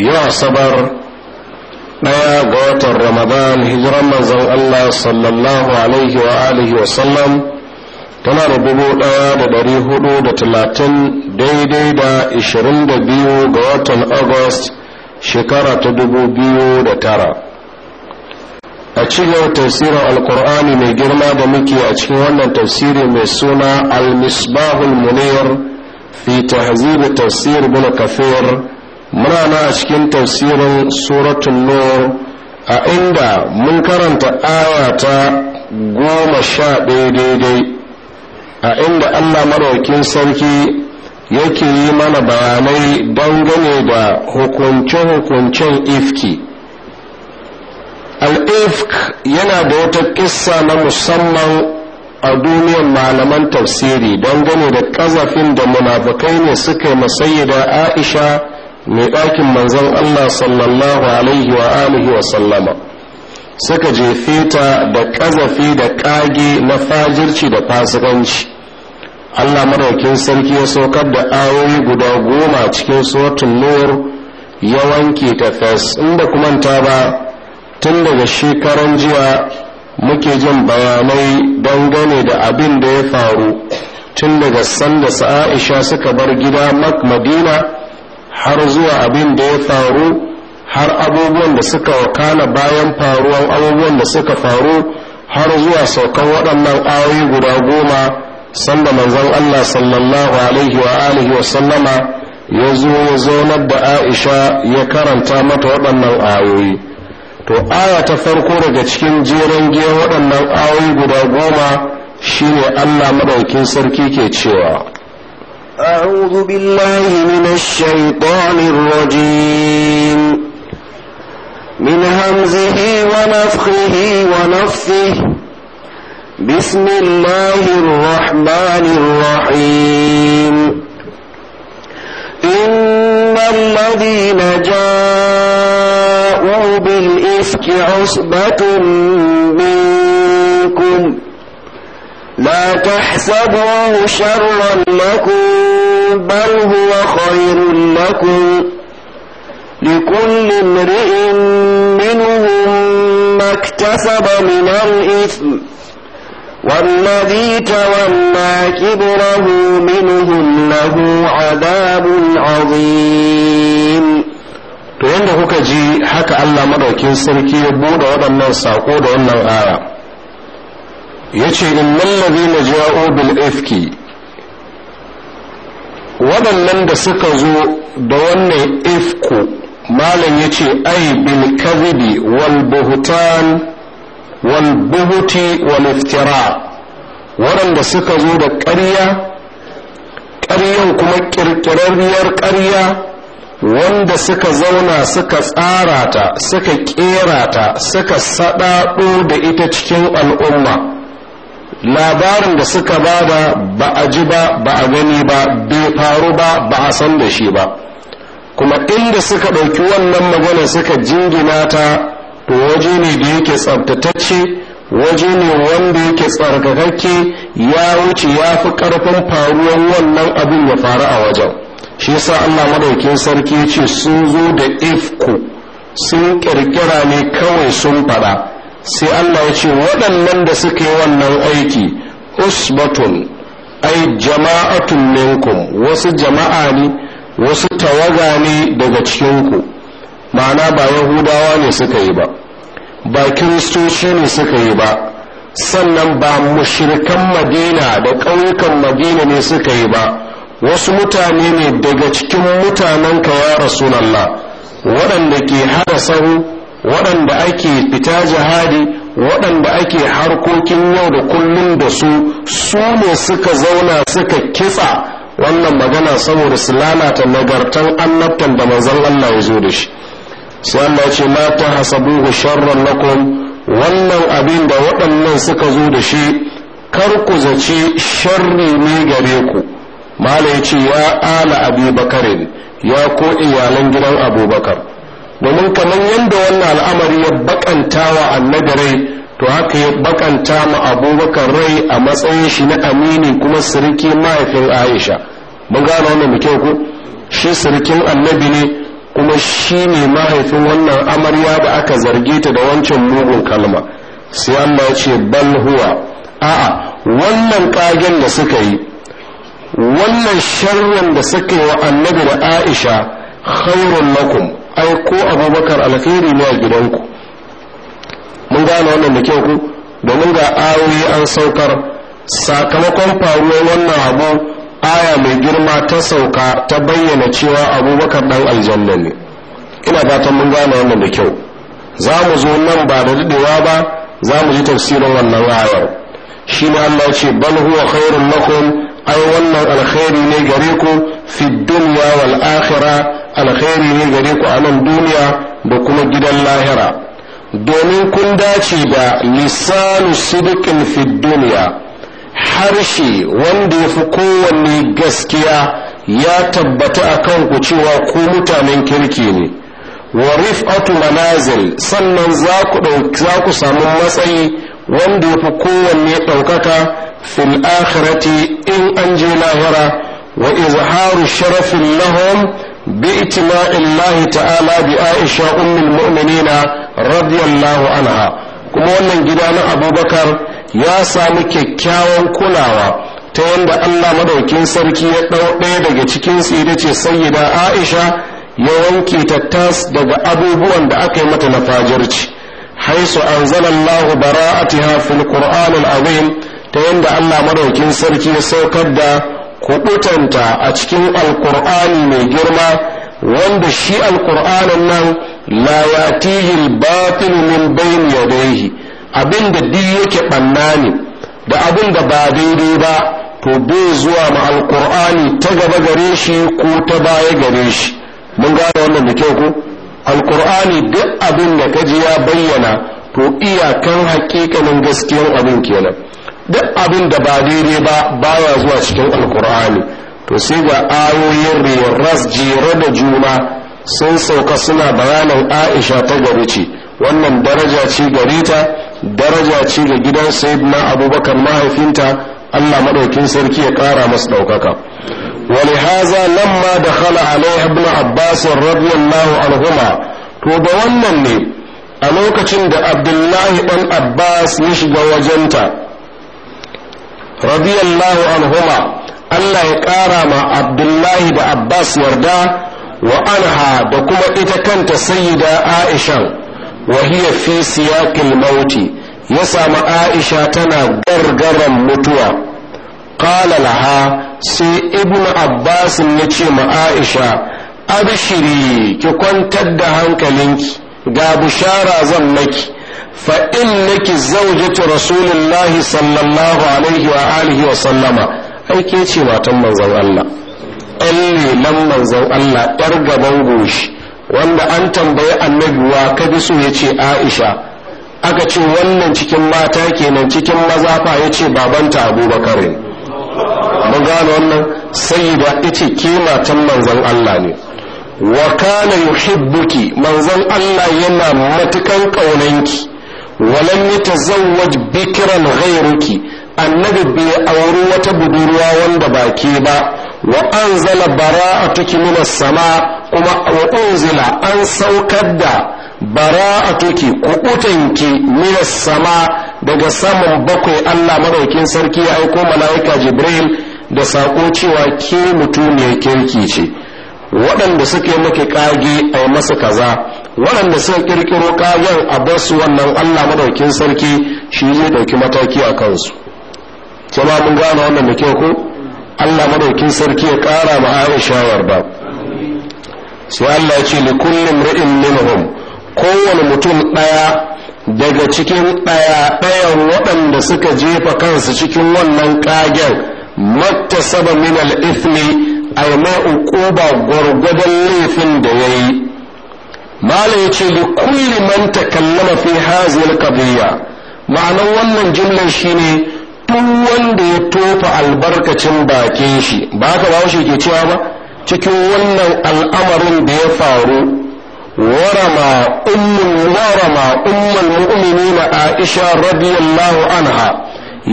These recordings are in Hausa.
yau asabar ɗaya ga watan ramadan hijiran manzon allah sallallahu alaihi wa alihi wa sallam tana da dubu ɗaya da ɗari hudu da talatin daidai da ishirin da biyu ga watan august shekara ta dubu biyu da tara a cikin tafsirin alkur'ani mai girma da muke a cikin wannan tafsiri mai suna al-misbahul munir fi tahzib tafsir bin kafir muna na a cikin tafsirin suratun nur a inda mun karanta aya ta goma sha ɗaya daidai a inda allah maraukin sarki yake yi mana bayanai dangane da hukunce-hukuncen ifki al-ifk yana da wata kissa na musamman a duniyar malaman tafsiri dangane da kazafin da munafukai ne suka yi masayi da aisha mai ɗakin manzon Allah sallallahu alaihi wa alihi wa sallama suka jefe ta da ƙazafi da ƙage na fajirci da fasikanci Allah madaukin sarki ya saukar da ayoyi guda goma cikin suratul nur ya wanke ta fes inda kuma ta ba tun daga shekaran jiya muke jin bayanai dangane da abin da ya faru tun daga sanda Aisha suka bar gida madina har zuwa abin da ya faru har abubuwan da suka wakana bayan faruwan abubuwan da suka faru har zuwa saukan waɗannan ayoyi guda goma sanda manzon Allah sallallahu alaihi wa alihi wa sallama ya zo ya zaunar da Aisha ya karanta mata waɗannan ayoyi to aya ta farko daga cikin jeren waɗannan ayoyi guda goma shine Allah madaukin sarki ke cewa أعوذ بالله من الشيطان الرجيم من همزه ونفخه ونفثه بسم الله الرحمن الرحيم إن الذين جاءوا بالإفك عصبة منكم لا تحسبوه شرا لكم بل هو خير لكم لكل امرئ منهم ما اكتسب من الاثم والذي تولى كبره منهم له عذاب عظيم to yadda kuka ji haka Allah madaukin sarki ya bude waɗannan sako da wannan aya yace innal na ja'u bil ifki waɗannan da suka zo da wannan ifku malam yace ai bil kadhibi wal buhtan wal buhuti wal iftira waɗanda suka zo da ƙarya ƙaryan kuma ƙirƙirarriyar ƙarya wanda suka zauna suka tsara ta suka ƙera ta suka saɗaɗo da ita cikin al'umma labarin da suka bada ba a ji ba ba a gani ba bai faru ba ba a san da shi ba kuma inda suka ɗauki wannan magana suka jingina ta to waje ne da yake tsabtatacce waje ne wanda yake tsarkakakke ya wuce ya fi ƙarfin faruwan wannan abin ya faru a wajen shi yasa allah maɗaukin sarki ce sun zo da ifku sun ƙirƙira ne kawai sun faɗa sai Allah ya ce waɗannan da suka yi wannan aiki usbatun ai jama'atun minkum wasu jama'a ne wasu tawaga ne daga cikinku ma'ana ba yahudawa ne suka yi ba ba kiristoci ne suka yi ba sannan ba mushirkan madina da ƙauyukan madina ne suka yi ba wasu mutane ne daga cikin mutanenka ya rasulallah waɗanda ke hada sahu waɗanda ake fita jihadi waɗanda ake harkokin yau da kullum da su su ne suka zauna suka kitsa wannan magana saboda su lalata nagartan annabtan da manzon Allah ya zo da shi sai Allah ce ma ta hasabuhu sharran lakum wannan abin da waɗannan suka zo da shi kar ku zaci sharri ne gare ku mala ya ce ya ala abubakar ya ko iyalan gidan abubakar domin kamar yadda wannan al'amari ya bakanta wa annabi rai to haka ya bakanta ma abubakar rai a matsayin shi na amini kuma sirki mahaifin aisha mun gane wannan da kyau ku shi sirkin annabi ne kuma shi ne mahaifin wannan amarya da aka zarge ta da wancan mugun kalma sai Allah ya ce bal huwa a'a wannan kagen da suka yi wannan sharrin da suka yi wa annabi da aisha khairun lakum ai ko abubakar alkhairi ne a gidanku mun gane wannan da kyau ku domin ga ayoyi an saukar sakamakon faruwar wannan abu aya mai girma ta sauka ta bayyana cewa abubakar dan aljanna ne ina fatan mun gane wannan da kyau za mu zo nan ba da daɗewa ba za mu ji tafsirin wannan ayar shi ne allah ce bal huwa khairun lakum ai wannan alkhairi ne gare ku fi dunya wal akhirah alkhairi ne gare ku a nan duniya da kuma gidan lahira domin kun dace da lisanu sidikin fi duniya harshe wanda ya fi kowanne gaskiya ya tabbata a ku cewa ku mutanen kirki ne wa rif'atu manazil sannan za ku samu matsayi wanda ya fi kowanne ɗaukaka fil akhirati in an je lahira wa izharu sharafin lahum باجتماع الله ta'ala بعائشة Aisha المؤمنين رضي radiyallahu anha. kuma wannan gida na abubakar ya sami kyakkyawan kulawa ta yadda allah madaukin sarki ya ɗau daga cikin ita ce sayyida aisha ya wanke tattas daga abubuwan da aka yi mata na haisu an zanallahu bara'atiha fil qur'an al-azim ta yadda allah madaukin sarki ya saukar da Ku kuɓutanta a cikin alkur'ani mai girma wanda shi alkur'anin nan la yatihi batil min bayni yadayhi abinda duk yake ɓanna ne da abin da ba daidai ba to bai zuwa ma alkur'ani ta gaba gare shi ko ta baya gare shi mun gane wannan da kyau ko alkur'ani duk abin da kaji ya bayyana to iyakan hakikanin gaskiyar abin kenan duk abin da ba daidai ba baya zuwa cikin alkur'ani to sai ga ayoyin ras jere da juna sun sauka suna bayanan aisha ta gari ce wannan daraja ce gare ta daraja ce ga gidan na abubakar mahaifinta allah maɗaukin sarki ya ƙara masu ɗaukaka ولهذا لما دخل عليه ابن عباس رضي الله عنهما to ba wannan ne a lokacin da abdullahi ɗan abbas ya shiga wajenta radiyallahu anhuma Allah ya ƙara ma Abdullahi da Abbas yarda wa anha da kuma ita kanta sayyida Aisha wa hiya fi siyaqil mauti ya samu Aisha tana gargaran mutuwa qala laha sai ibnu Abbas ya ce ma Aisha abshiri ki kwantar da hankalinki ga bushara zan maki fa'innaki zaujatu rasulullahi sallallahu alaihi wa wa sallama aike ce matan manzon Allah ɗan lelan manzon Allah ɗar gaban goshi wanda an tambayi annabi wa ka bi so ya ce Aisha aka ce wannan cikin mata kenan cikin maza fa ya ce babanta Abubakar ne mun gano wannan sayyida ita ke matan manzon Allah ne wa kana yuhibbuki manzon Allah yana matukan ƙaunanki walam yatazawwaj bikran ghayruki annabi bai auri wata budurwa wanda ba ke ba wa anzala bara'atuki minas sama kuma wa unzila an saukar da bara'atuki kukutanki minas sama daga saman bakwai Allah madaukin sarki ya aiko mala'ika Jibril da sako cewa ke ne kirki ce waɗanda suke maki kage a yi masa kaza waɗanda suka ƙirƙiro kagen a basu wannan allah madaukin sarki shi zai ɗauki mataki a kansu jama mun gane wannan da kyau ku allah madaukin sarki ya ƙara ma aisha yarda sai allah ya ce li kullum ra'in minhum kowane mutum ɗaya daga cikin ɗaya ɗayan waɗanda suka jefa kansu cikin wannan ƙagen saba min al-ithmi Aima yi ba gwargwadon laifin da ya yi mala ya ce da kulli man takallama fi haziyar kabiya ma'anar wannan jimlar shine duk wanda ya tofa albarkacin bakin shi ba ka ba shi ke cewa ba cikin wannan al'amarin da ya faru warama أم ورما mu'minina aisha radiyallahu anha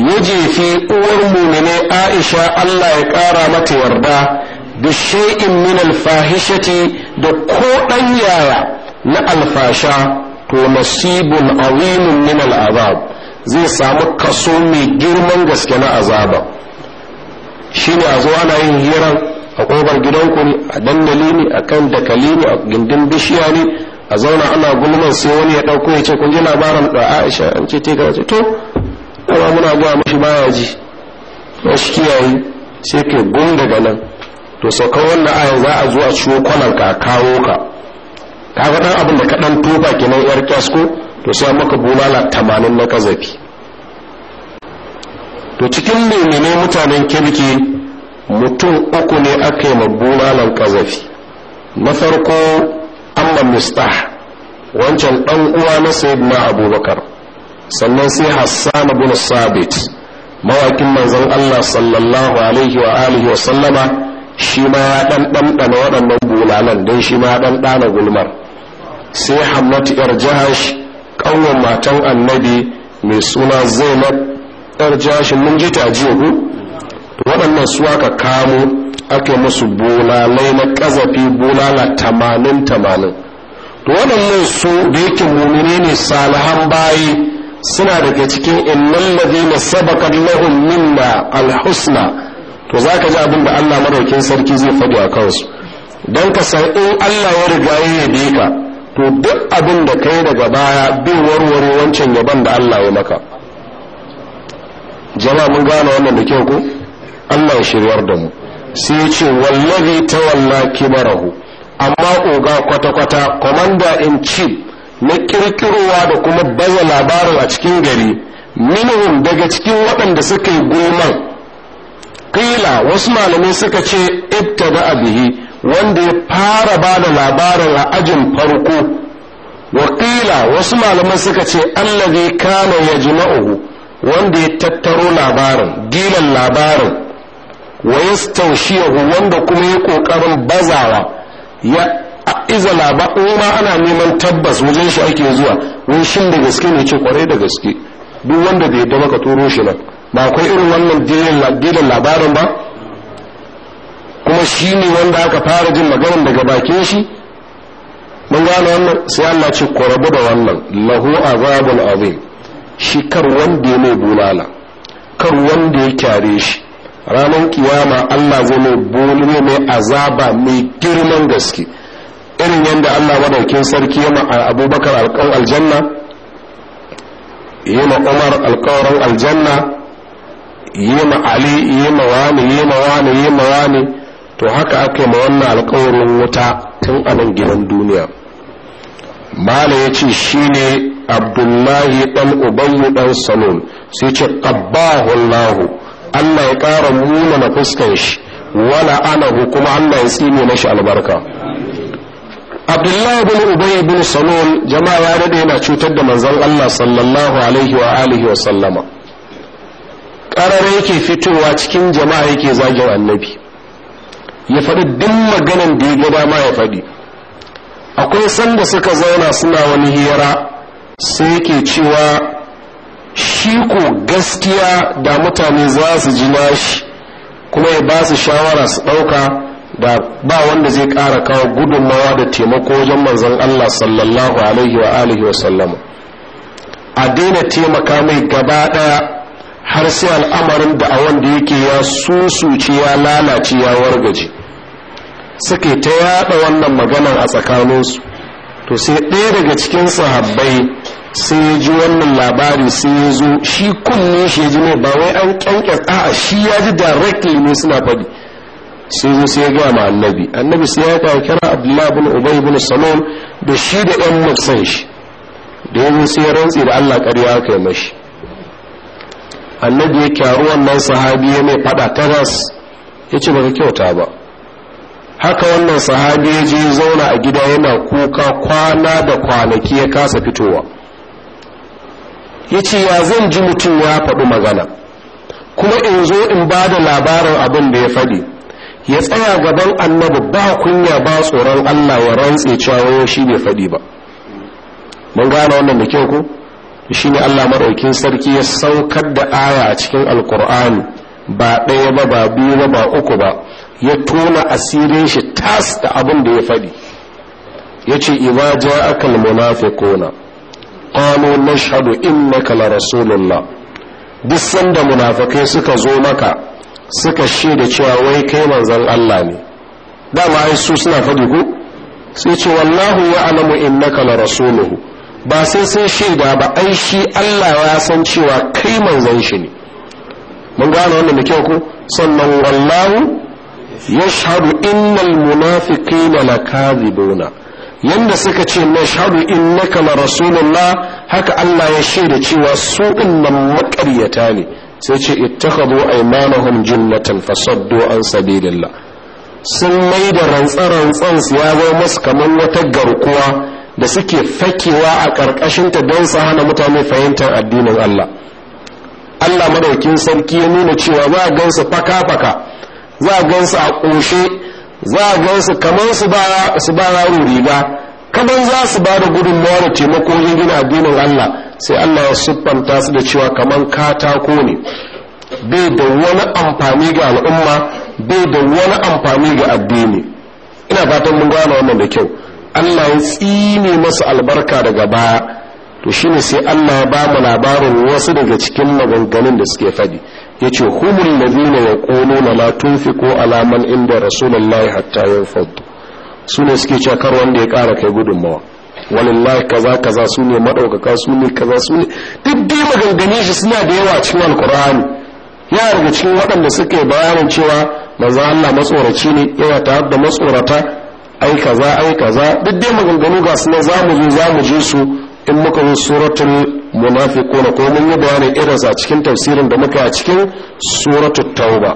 yaje fi uwar mu ne ya ƙara ya yarda. mata yarda bi shay'in min alfahishati da ko dan yaya na alfasha to nasibun azimun min azab zai samu kaso mai girman gaske na azaba shine a zo ana yin hiran a ƙofar gidanku ne a dandali ne a kan dakali ne a gindin bishiya ne a zauna ana gulman sai wani ya ɗauko ya ce kun ji labarin da aisha an ce ta gaza to kuma muna gaya mashi baya ji ya shi kiyaye sai ke gun daga nan to saukar wannan ayan za a zuwa ciwo kwananka a kawo ka ka ga dan abin da ka dan tofa kenan yar kyasko to sai maka bulala tamanin na kazafi to cikin menene mutanen kirki mutum uku ne aka yi bulalan kazafi na farko amma mistah wancan dan uwa na na abubakar sannan sai hassan bin sabit mawakin manzon allah sallallahu alaihi wa alihi wa sallama shi ma ya ɗan ɗanɗana waɗannan bulalan don shi ma ya ɗan gulmar sai hammatu yar jahash ƙanwar matan annabi mai suna zainab yar jahash mun ji ta jiya ku waɗannan su aka kamo aka musu bulalai na ƙazafi bulala tamanin tamanin to waɗannan su da yake mumine ne salihan bayi suna daga cikin innan ladina sabaqat lahum minna alhusna to za ka ji abin da allah maraukin sarki zai faɗi a kansu don ka san in allah ya riga ya yabe ka to duk abin da kai daga baya bin warware wancan yaban da allah ya maka jama'a mun gane wannan da kyau ko allah ya shiryar da mu sai ya ce ta tawalla kibarahu amma oga kwata-kwata commander in chief na kirkirowa da kuma baza labarin a cikin gari minimum daga cikin waɗanda suka yi gulman qila wasu malamai suka ce da bihi wanda ya fara ba da labarin a ajin farko wa qila wasu malamai suka ce allazi kana yajma'uhu wanda ya tattaro labarin gilan labarin wa yastaushiyahu wanda kuma ya kokarin bazawa ya iza labarin ma ana neman tabbas wajen shi ake zuwa wani shin da gaske ne ce kwarai da gaske duk wanda bai yadda maka turo shi nan ba akwai irin wannan gidan labarin ba kuma shi ne wanda aka fara jin maganin daga bakin shi mun gane wannan sai Allah ce ku da wannan lahu azabul azim shi kar wanda ya mai bulala kar wanda ya kyare shi ranar kiyama Allah zai mai bulale mai azaba mai girman gaske irin yadda Allah madaukin sarki ya abubakar alƙawar aljanna yana umar alƙawarin aljanna yi ma ali yi ma wani yi ma wani yi ma wani to haka aka ma wannan alkawarin wuta tun a nan gidan duniya mala ya ce shi ne abdullahi ɗan ubanmu ɗan salon sai ce ƙabbahun lahu allah ya ƙara muna na fuskan shi wala kuma allah ya tsine mashi albarka abdullahi bin ubay bin salon jama'a ya dade yana cutar da manzon allah sallallahu alaihi wa alihi wa sallama ƙarare yake fitowa cikin jama'a yake zagin annabi ya faɗi duk maganan da ya ga dama ya faɗi akwai sanda suka zauna suna wani hira sai yake cewa shi ko gaskiya da mutane za su ji nashi kuma ya ba su shawara su ɗauka da ba wanda zai ƙara kawo gudunmawa da taimako wajen manzon Allah sallallahu alaihi wa alihi wa sallama a daina taimaka mai gaba ɗaya har sai al'amarin da a wanda yake ya susuce ya lalace ya wargaje suke ta yada wannan maganar a tsakaninsu to sai ɗaya daga cikin sahabbai sai ya ji wannan labari sai ya zo shi kunne shi ya ji mai ba wai an kyankyas a'a shi ya ji directly ne suna faɗi sai zo sai ya ga ma annabi annabi sai ya kawo kira abdullahi bin ubay bin salam da shi da ɗan mafsan shi da yanzu sai ya rantse da allah ƙarya aka yi mashi annabi ya kyaru wannan sahabi ya mai fada taras ya ce ba ka kyauta ba haka wannan sahabi ya je zauna a gida yana kuka kwana da kwanaki ya kasa fitowa ya ce ya zan ji mutum ya faɗi magana kuma in zo in ba da labarin abin da ya faɗi ya tsaya gaban annabi ba kunya ba tsoron allah ya rantse cewa shi bai faɗi ba mun gane wannan da kyau ko shi ne allah maɗaukin sarki ya saukar da aya a cikin alkur'ani ba ɗaya ba ba biyu ba ba uku ba ya tona asirin shi tas da abin da ya faɗi ya ce iza ja akal munafiquna qalu nashhadu innaka la rasulullah duk sanda munafikai suka zo maka suka shaida cewa wai kai manzon Allah ne dama ai su suna faɗi ko sai ce wallahu ya'lamu innaka la rasuluhu ba sai sun shaida ba ai shi Allah ya san cewa kai manzon shi ne mun gane wannan da kyau ko sannan wallahu yashhadu innal munafiqina lakazibuna yanda suka ce shahadu innaka la rasulullah haka Allah ya shaida cewa su nan makaryata ne sai ce ittakhadhu aymanahum jinnatan fasaddu an sabilillah sun mai da rantsa su ya zo masu kamar wata garkuwa da suke fakewa a ƙarƙashinta don su hana mutane fahimtar addinin Allah Allah madaukin sarki ya nuna cewa za a gansu faka-faka za a gansu a ƙunshe, za a gansu kamar su ba yaro riga kamar za su ba da gudunmawa da taimako wajen gina addinin Allah sai Allah ya siffanta su da cewa kamar katako ne bai da wani amfani ga al'umma bai da wani amfani ga addini ina fatan mun gane wannan da kyau Allah ya tsine masu albarka daga baya to shine sai Allah ya ba mu labarin wasu daga cikin maganganun da suke faɗi yace humul ladina yaquluna la tunfiqu ala man inda rasulullahi hatta su ne suke cewa kar wanda ya ƙara kai gudunmawa walillahi kaza kaza su ne maɗaukaka su ne kaza su ne duk dai maganganu shi suna da yawa cikin alkur'ani ya daga cikin waɗanda suke bayanin cewa maza Allah matsoraci ne yana ta da matsorata ai kaza ai kaza duk dai maganganu ga su za mu zo za mu je su in muka zo suratul munafiqun ko mun yi bayanin irinsu a cikin tafsirin da muka a cikin suratul tauba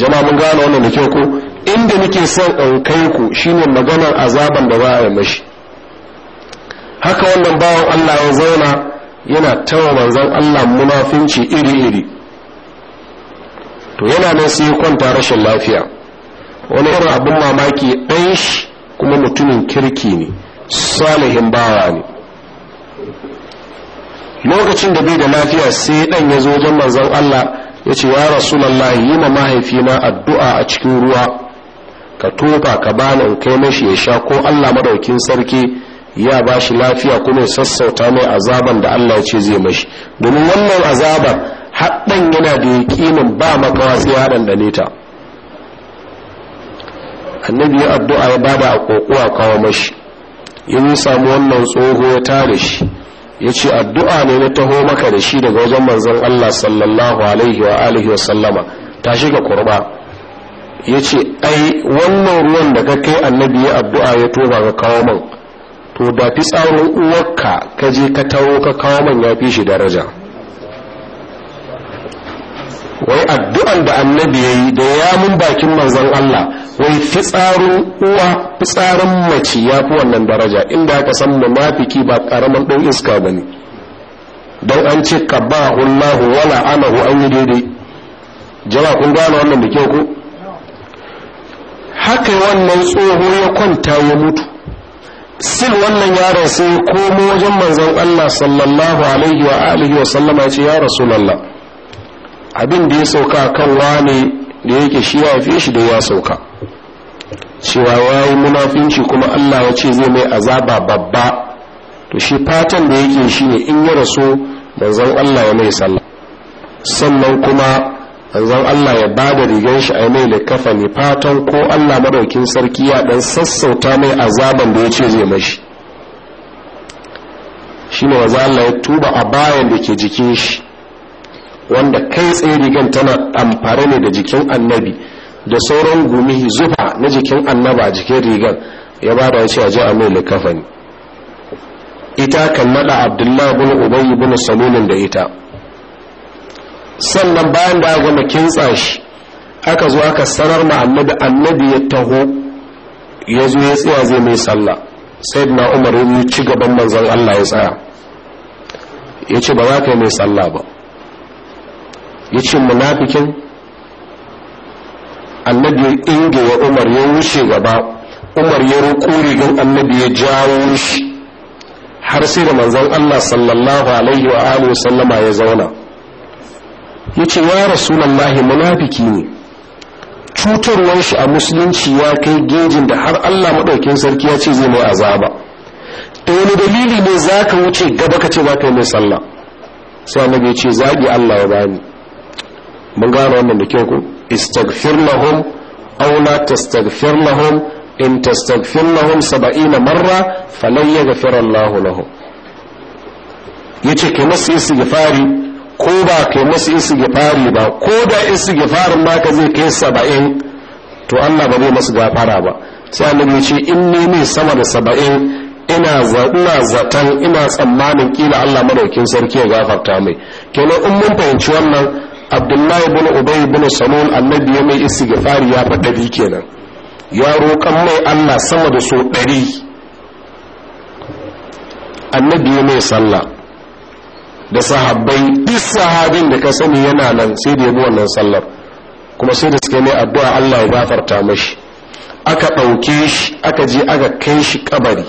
jama'a mun gane wannan da kyau ko inda muke son in kai ku shine maganar azaban da za a yi mashi haka wannan bawan Allah ya zauna yana tawa manzon Allah munafinci iri iri to yana nan sai kwanta rashin lafiya wani irin abin mamaki ɗan shi kuma mutumin kirki ne salihin bawa ne lokacin da bai da lafiya sai ɗan ya zo wajen manzon Allah ya ce ya rasulallah yi ma mahaifina addu'a a cikin ruwa ka tofa ka bani in kai mashi ya sha ko Allah madaukin sarki ya ba shi lafiya kuma ya sassauta mai azaban da Allah ya ce zai mashi domin wannan azaban haɗɗan yana da yaƙinin ba makawa sai ya ɗanɗane ta annabi ya addu'a ya bada a kokowa kawo mashi in samu wannan tsoho ya tare shi ya ce addu'a ne na taho maka da shi daga wajen manzon Allah sallallahu alaihi wa alihi wa sallama tashi ga kurba ya ce ai wannan ruwan da ka kai annabi ya addu'a ya toba ka kawo man to da fi fitsarin uwarka ka je ka taho ka kawo man ya fi shi daraja wai addu'an da annabi yayi da mun bakin manzon Allah wai fitsarin uwa fitsarin mace yafi wannan daraja inda aka san mafiki ba karaman ɗan iska ba ne don an ce kabahu wala anahu an yi daidai jama'a kun gane wannan da kyau ku haka wannan tsoho ya kwanta ya mutu sil wannan yaron sai komo wajen manzon Allah sallallahu alaihi wa alihi wa sallama ya ce ya rasulullah abin da ya sauka kan wane da yake shi ya fi shi da ya sauka cewa ya yi munafinci kuma Allah ya ce zai mai azaba babba to shi fatan da yake shi ne in ya rasu zan Allah ya mai sallah sannan kuma zan Allah ya ba da rigar shi a mai ne fatan ko Allah madaukin sarki ya dan sassauta mai azaban da ya ce zai mashi shine wa Allah ya tuba a bayan da ke jikin shi wanda kai tsaye rigan tana amfare ne da jikin annabi da sauran gumi zufa na jikin annaba jikin rigan ya ba da ce a ji a mai ne ita kan nada abdullahi bin ubayi bin salulun da ita sannan bayan da aka gama kintsa shi aka zo aka sanar ma annabi annabi ya taho ya zo ya tsaya zai mai sallah sai na umar ya ci gaban manzon allah ya tsaya ya ce ba za ka yi mai sallah ba ya ce munafikin annabi ya inge wa umar ya wuce gaba umar ya roƙo rigan annabi ya jawo shi har sai da manzon allah sallallahu alaihi wa alihi sallama ya zauna ya ce ya lahi munafiki ne cutarwar shi a musulunci ya kai gejin da har allah maɗaukin sarki ya ce zai mai azaba da wani dalili ne za ka wuce gaba ka ce ba ka yi mai sallah sai annabi ya ce zagi allah ya bani mun gane wannan da kyau ku istaghfir lahum aw la tastaghfir lahum in tastaghfir lahum 70 marra falan yaghfir Allah lahum yace kai masu istighfari ko ba kai masu istighfari ba ko da istighfarin ma ka zai kai 70 to Allah ba zai masu gafara ba sai annabi ce in ne mai sama da 70 ina ina zaton ina tsammanin kila Allah madaukin sarki ya gafarta mai kenan in mun fahimci wannan abdullahi bin ubay bin salul annabi ya mai istighfari ya faɗa bi kenan ya roƙan mai Allah sama da so ɗari annabi ya mai sallah da sahabbai duk sahabin da ka sani yana nan sai da ya bi wannan sallar kuma sai da suke mai addu'a Allah ya gafarta mashi aka ɗauke shi aka je aka kai shi kabari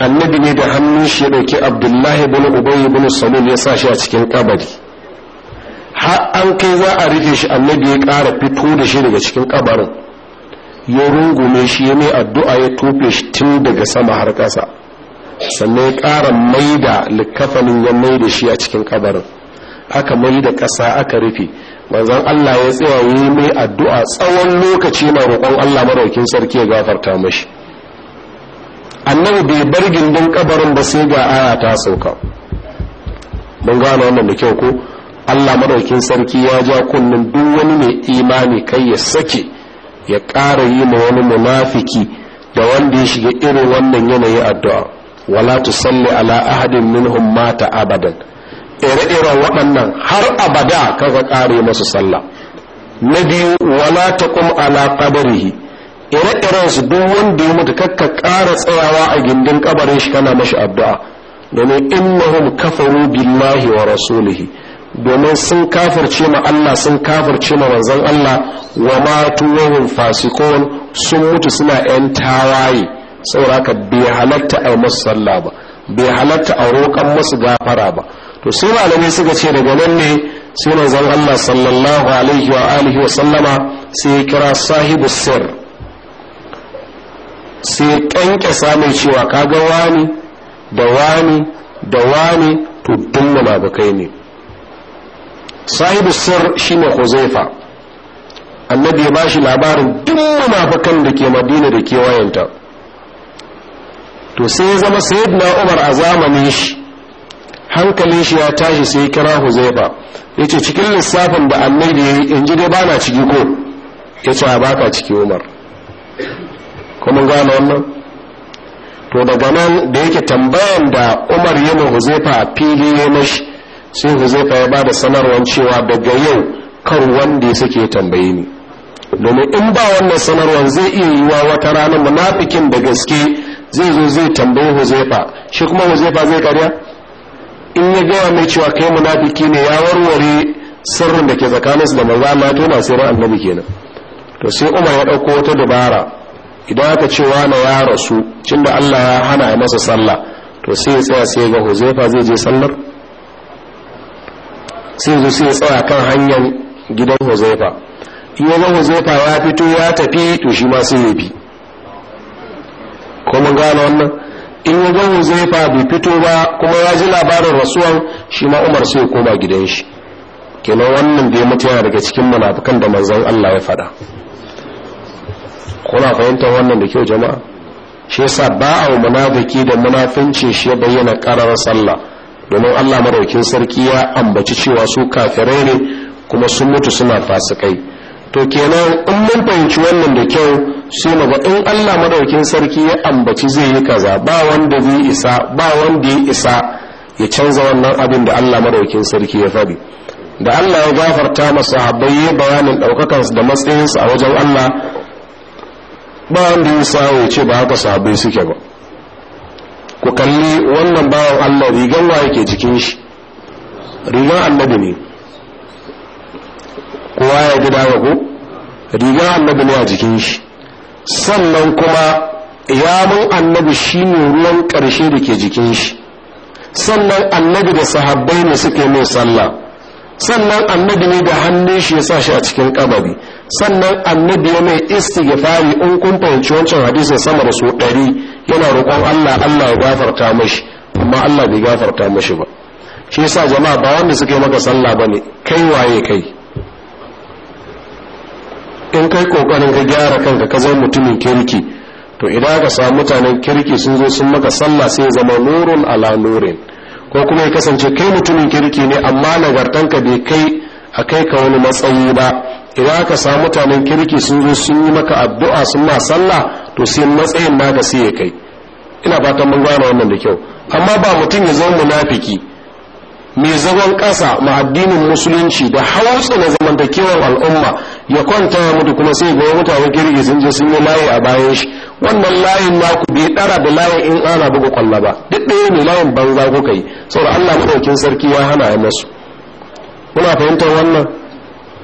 annabi ne da hannun shi ya ɗauki abdullahi bin ubayi bin salul ya sa shi a cikin kabari har an kai za a rufe shi annabi ya ƙara fito da shi daga cikin kabarin ya rungume shi ya mai addu'a ya tofe shi tun daga sama har kasa sannan ya ƙara maida likafanin ya mai da shi a cikin kabarin aka da ƙasa aka rufe manzon Allah ya tsaya yi mai addu'a tsawon lokaci na roƙon Allah maraukin sarki ya gafarta mashi annabi bai bar gindin kabarin ba sai ga aya ta sauka mun gane wannan da kyau ko Allah madaukin sarki ya ja kunnen duk wani mai imani kai ya sake ya ƙara yi ma wani munafiki da wanda ya shiga irin wannan yanayin addu'a wala tusalli ala ahadin minhum mata abadan ire-iren waɗannan har abada kaga ƙare masu sallah na biyu wala taqum ala qabrihi ire-iren su duk wanda ya mutu kakka ƙara tsayawa a gindin kabarin shi kana mashi addu'a domin innahum kafaru billahi wa rasulihi domin sun kafirce ma Allah sun kafirce ma manzon Allah wa matu wahum fasikun sun mutu suna yan tawaye saboda haka bai halatta a musu sallah ba bai halatta a roƙan musu gafara ba to sai malamai suka ce daga nan ne sai manzon Allah sallallahu alaihi wa alihi wa sallama sai ya kira sahibu sir sai ya kanke samun cewa kaga wani da wani da wani to dun kai ne sahibu sir shine huzaifa annabi ya bashi labarin duk munafukan da ke madina da kewayenta to sai ya zama sayyidina umar a zamanin shi hankalin shi ya tashi sai kira huzaifa ya ce cikin lissafin da annabi ya yi in ji dai na ciki ko ya ce a baka ciki umar kuma gane wannan to daga nan da yake tambayan da umar yana huzaifa a fili ya mashi sai huzaifa ya ba da sanarwar cewa daga yau kan wanda ya suke tambaye ni domin in ba wannan sanarwar zai iya yiwa wata rana munafikin da gaske zai zo zai tambayi huzaifa shi kuma huzaifa zai karya in ya gaya mai cewa kai munafiki ne ya warware sirrin da ke tsakanin su da manzo Allah tona sai ran annabi kenan to sai Umar ya dauko wata dabara idan aka ce na ya rasu cinda Allah ya hana masa sallah to sai ya tsaya sai ga huzaifa zai je sallar sai zo sai ya tsaya kan hanyar gidan huzaifa iya ga huzaifa ya fito ya tafi to shi ma sai ya bi kuma gane wannan in ya ga huzaifa bai fito ba kuma ya ji labarin rasuwan shi ma umar sai ya koma gidan shi kenan wannan bai mutu yana daga cikin munafukan da manzon Allah ya faɗa kuna fahimtar wannan da kyau jama'a shi yasa ba a munafiki da munafinci shi ya bayyana karar sallah domin Allah maraukin sarki ya ambaci cewa su kafirai ne kuma sun mutu suna fasikai to kenan in mun fahimci wannan da kyau sai mu ga in Allah maraukin sarki ya ambaci zai yi kaza ba wanda zai isa ba wanda ya isa ya canza wannan abin da Allah maraukin sarki ya faɗi da Allah ya gafarta masa ya bayanin su da matsayinsu a wajen Allah ba wanda ya sa ya ce ba haka sahabbai suke ba ku kalli wannan bawan Allah rigan wa yake cikin shi rigan annabi ne kowa ya ji dawa ko rigan annabi ne a jikin shi sannan kuma yamun annabi ne ruwan ƙarshe da ke jikin shi sannan annabi da sahabbai ne suke mai sallah sannan annabi ne da hannun shi ya sa shi a cikin kabari sannan annabi ya mai istighfari in kun fahimci wancan hadisin sama da su ɗari yana roƙon Allah Allah ya gafarta mashi amma Allah bai gafarta mashi ba shi yasa jama'a ba wanda suka yi maka sallah bane kai waye kai in kai kokarin ka gyara kanka ka zama mutumin kirki to idan ka samu mutanen kirki sun zo sun maka sallah sai ya zama nurun ala nurin ko kuma ya kasance kai mutumin kirki ne amma nagartanka bai kai a kai ka wani matsayi ba idan ka samu mutanen kirki sun zo sun yi maka addu'a sun ma sallah to sai matsayin naka sai kai ina fatan mun gane wannan da kyau amma ba mutum ya zama munafiki mai zagon ƙasa ma addinin musulunci da hausa na kewan al'umma ya kwanta ya mutu kuma sai ga mutane girgi sun je sun yi layi a bayan shi wannan layin naku bai ɗara da layin in ana buga kwalla ba duk ɗaya ne layin banza kuka yi saboda Allah madaukin sarki ya hana ya masu muna fahimtar wannan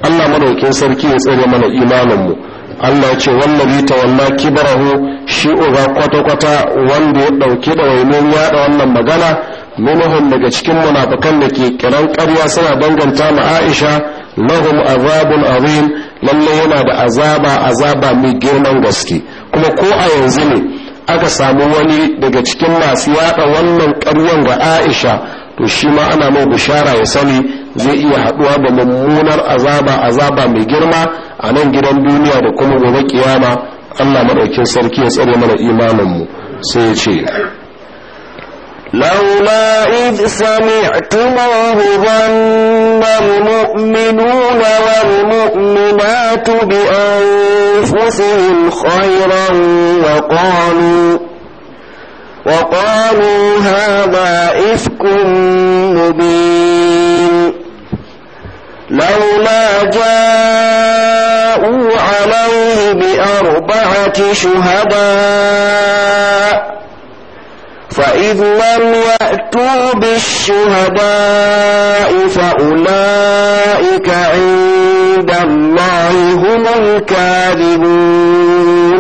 Allah madaukin sarki ya tsere mana imaninmu. mu Allah ya ce wallabi walla kibarahu shi uba kwata-kwata wanda ya ɗauki ɗawainin yaɗa wannan magana minhum daga cikin munafukan da ke kiran ƙarya suna danganta ma Aisha lahum azabun azim lalle yana da azaba azaba mai girman gaske kuma ko a yanzu ne aka samu wani daga cikin masu yaɗa wannan ƙaryan ga Aisha to shi ma ana mai bishara ya sani zai iya haɗuwa da mummunar azaba azaba mai girma a nan gidan duniya da kuma gobe kiyama Allah madaukin sarki ya tsare mana imaninmu sai ya ce لولا إذ سمعتموه ظن المؤمنون والمؤمنات بأنفسهم خيرا وقالوا وقالوا هذا إفك مبين لولا جاءوا عليه بأربعة شهداء فإذ لم يأتوا بالشهداء فأولئك عند الله هم الكاذبون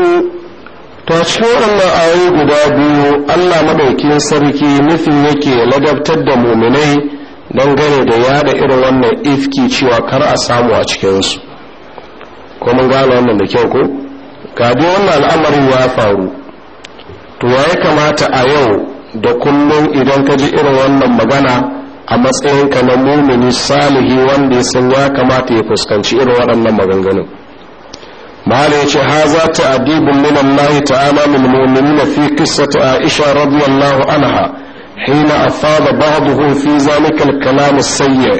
to cikin wannan ayoyi guda biyu Allah madaukin sarki nufin yake ladabtar da muminai dangane da yada irin wannan ifki cewa kar a samu a cikinsu ko mun gane wannan da kyau ko ga wannan al'amarin ya faru to ya kamata a yau da kullum idan ka ji irin wannan magana a matsayinka na mumini salihi wanda ya ya kamata ya fuskanci irin waɗannan maganganun mahala ya ce ha za ta adibin minan lahi ta'ala min na fi kisa ta aisha radiyallahu anha حين أفاض بعضهم في ذلك الكلام السيء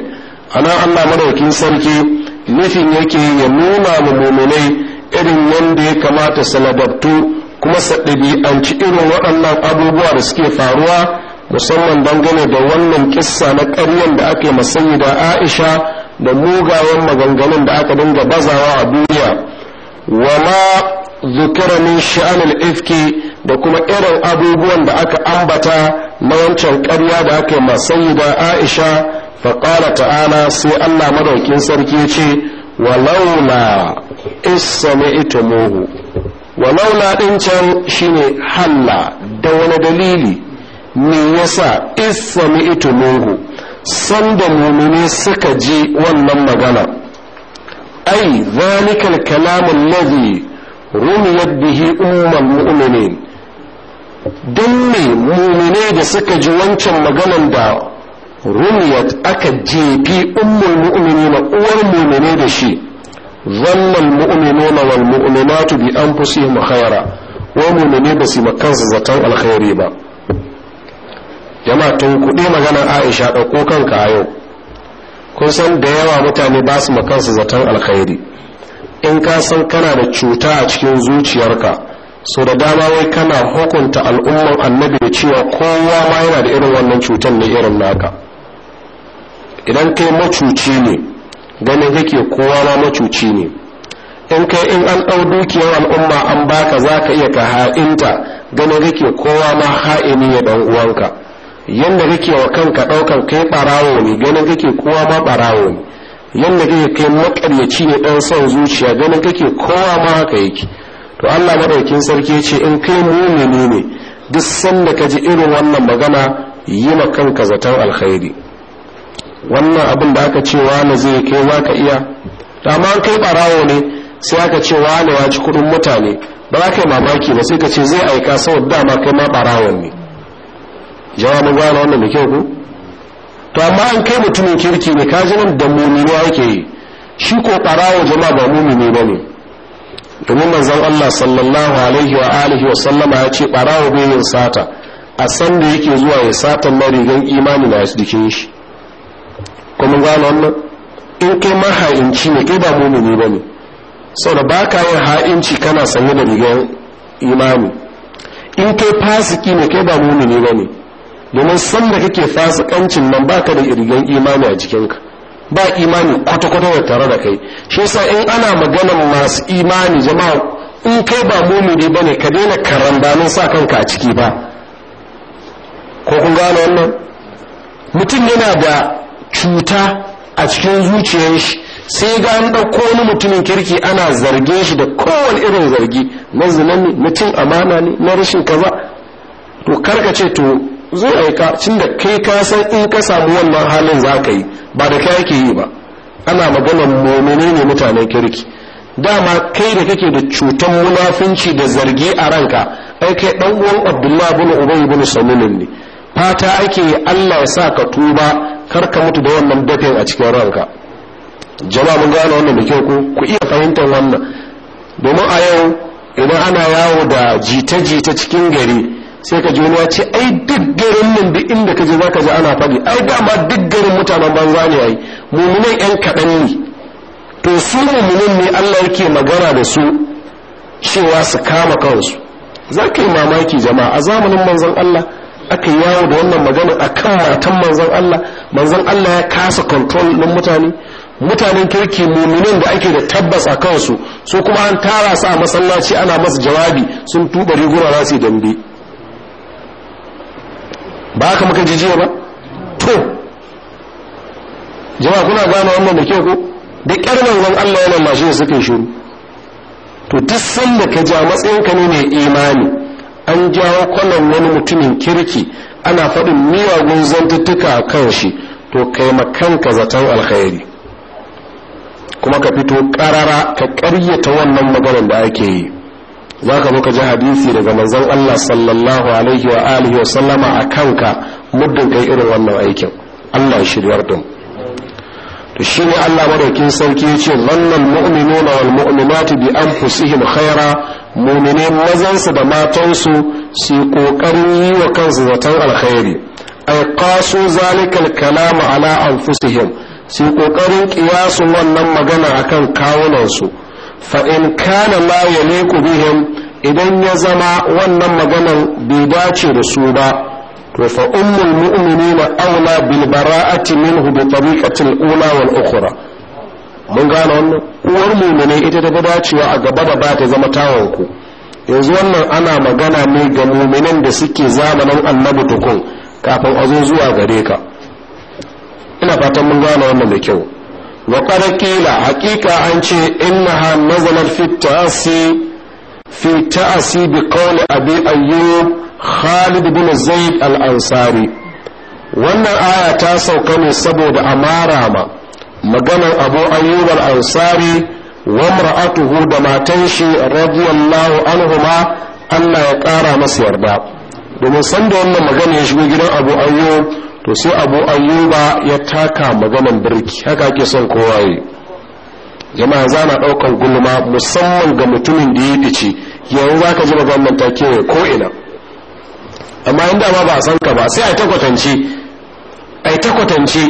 أنا الله مدوكين سركي nufin yake ya nuna mu muminai irin yadda ya kamata sanadabtu kuma su ɗabi'anci irin waɗannan abubuwan da suke faruwa musamman dangane da wannan kisa na karyan da aka yi da aisha da mugayen maganganun da aka dinga bazawa a duniya wama zukira min sha'anil ifki da kuma irin abubuwan da aka ambata na wancan ƙarya da aka yi masu da aisha faƙala ta'ala sai allah madaukin sarki ce walaula isami wa walaula ɗin can shine halla da wani dalili me yasa isami san sanda mumini suka ji wannan magana ai zalikal kalamun ladhi rumiyat bihi ummul mu'minin don ne mumine da suka ji wancan maganan da rumiyat aka jefi ummul mu'mini na uwar mummune da shi zannan na wal mu'minatu bi anfusihim khayara wa mumine ba su makansu zaton alkhairi ba yana tun kuɗi maganar aisha ɗauko kanka a yau kun san da yawa mutane ba su makansu zaton alkhairi in ka san kana da cuta a cikin zuciyarka sau da dama wai kana hukunta al'umman annabi da cewa kowa ma yana da irin wannan cutar ne irin naka idan kai macuci ne ganin kake kowa ma macuci ne in kai in an ɗau dukiyar al'umma an baka za ka iya ka ha'inta ganin kake kowa ma ha'ini ya ɗan uwanka yadda kake wa kanka ɗaukan kai ɓarawo ne ganin kake kowa ma ɓarawo ne yadda kake kai maƙaryaci ne ɗan son zuciya ganin kake kowa ma haka yake to Allah madaukin sarki ya ce in kai mumini ne duk sanda ka ji irin wannan magana yi ma kanka zaton alkhairi wannan abin da aka ce wani zai kai za ka iya da ma kai barawo ne sai aka ce wani ya ci kudin mutane ba za ka yi mamaki ba sai ka ce zai aika saboda dama kai ma barawon ne jawabin gane wannan da kyau ku to amma an kai mutumin kirki ne ka ji nan da muminuwa yake yi shi ko barawo jama'a ba mumini ba ne domin manzon Allah sallallahu alaihi wa alihi wa sallama ya ce barawo bai yin sata a san da yake zuwa ya satan marigan imanin imani na jikin shi kuma gano wannan in kai ha'inci ne kai ba mumini ba ne saboda ba ka yin ha'inci kana sanye da rigan imani in kai fasiki ne kai ba mumini ba ne domin san da kake fasikancin nan ba ka da rigan imani a jikinka ba imani kwata-kwata da tare da kai shi yasa in ana maganan masu imani jama'a in kai ba mumini bane ka daina karambanin sa kanka a ciki ba ko kun gane wannan mutum yana da cuta a cikin zuciyar shi sai ga an ɗauko wani mutumin kirki ana zarge shi da kowane irin zargi na zina mutum amana ne na rashin kaza to karka ce to zo ya ka cin da kai ka san in ka samu wannan halin za ka yi ba da kai ake yi ba ana maganar momini ne mutanen kirki dama kai da kake da cutar munafunci da zargi a ranka ai kai dan uwan abdullahi bin ubay bin salulun ne fata ake Allah ya sa ka tuba kar ka mutu da wannan dafin a cikin ranka jama'a mun gane wannan da kyau ko ku iya fahimtar wannan domin a yau idan ana yawo da jita-jita cikin gari sai ka ji wani ce ai duk garin nan da inda ka je za ka ji ana faɗi ai dama duk garin mutanen banza ne ai mummunan yan kaɗan ne to su mummunan ne allah yake magana da su cewa su kama kansu za ka yi mamaki jama'a a zamanin manzon allah aka yawo da wannan magana a kan matan manzon allah manzon allah ya kasa control ɗin mutane mutanen kirki mummunan da ake da tabbas a kansu su kuma an tara su a masallaci ana masu jawabi sun tuba riguna za su yi dambe ba haka muka jiya ba to jama'a kuna gano wannan da kyau ko da ƙyar zan Allah yana mashi da suka shiru to duk sanda ka ja matsayin ka ne mai imani an jawo kwallon wani mutumin kirki ana faɗin miyagun zantuttuka a kan shi to kai makanka zaton alkhairi kuma ka fito ƙarara ka ƙaryata wannan maganar da ake yi za ka muka ji hadisi daga manzon Allah sallallahu alaihi wa alihi wa sallama a kanka muddin kai irin wannan aikin Allah ya shiryar dum to ne Allah madaukin sarki yace wannan mu'minuna wal mu'minatu bi anfusihim khaira mu'minin mazansu da matansu su kokarin yi wa kansu zaton alkhairi ay qasu zalika al ala anfusihim su kokarin kiyasu wannan magana akan kawunansu su fa'in kana ma ya bihim idan ya zama wannan maganan bai dace da su ba to fa ummul mu'minina aula bil bara'ati minhu bi tariqatil ula wal ukhra mun gane wannan uwar mu'mini ita ta dacewa a gaba da ba ta zama tawanku yanzu wannan ana magana ne ga mu'minan da suke zamanin annabi tukun kafin a zo zuwa gare ka ina fatan mun gane wannan da kyau wa kila hakika an ce innaha nazalat fi ta'asi fi bi qawli abi ayyub khalid bin zaid al wannan aya ta sauka ne saboda amara ma maganar abu ayyub al-ansari wa mar'atuhu da matan shi radiyallahu anhuma Allah ya ƙara masu yarda domin san da wannan magana ya shigo gidan abu ayyub to sai abu ayyuba ya taka maganan birki haka ake son kowa yi jama'a za na ɗaukan gulma musamman ga mutumin da ya fice yanzu za ka ji maganan ta ke ko ina amma inda ma ba a san ka ba sai a ta kwatance a ta kwatance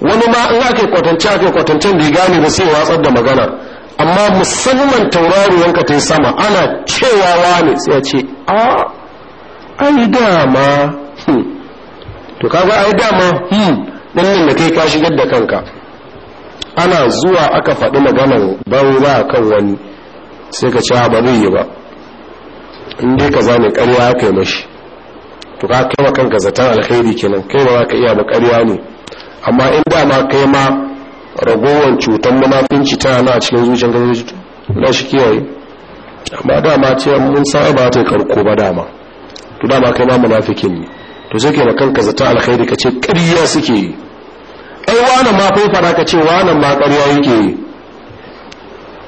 wani ma in aka kwatance aka kwatancen da ya gane ba sai watsar da magana amma musamman tauraruwanka ta sama ana cewa wani sai a ce a ah, ai dama hmm. to kaga ai dama hmm din nan da kai ka shigar da kanka ana zuwa aka faɗi maganar banza kan wani sai ka cewa ba zai yi ba in dai ka zane ƙarya aka yi mashi to ka kai kanka zaton alkhairi kenan kai ba ka iya ba ƙarya ne amma in dama kai ma ragowar cutar munafinci ta na cikin zuciyar ganin na shi kiyaye amma dama ce mun sa ba ta karko ba dama to dama kai ma munafikin ne to sai ke kanka zata alkhairi kace ƙarya suke yi ai wani ma fa fara kace wani ma ƙarya yake yi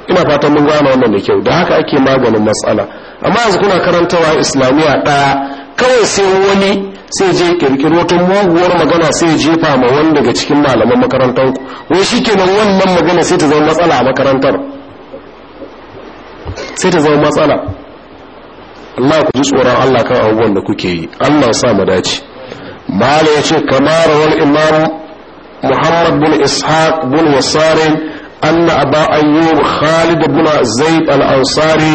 ina fatan mun gane wannan da kyau da haka ake maganin matsala amma yanzu kuna karantawa islamiyya ɗaya kawai sai wani sai je kirkiro ta muguwar magana sai jefa ma wani daga cikin malaman makarantar ku wai shi nan wannan magana sai ta zama matsala a makarantar sai ta zama matsala Allah ku ji tsoron Allah kan abubuwan da kuke yi Allah sa mu dace mala ya ce kamar wal imam Muhammad bin Ishaq bin Wasarin anna aba ayyub Khalid bin Zaid al-Ansari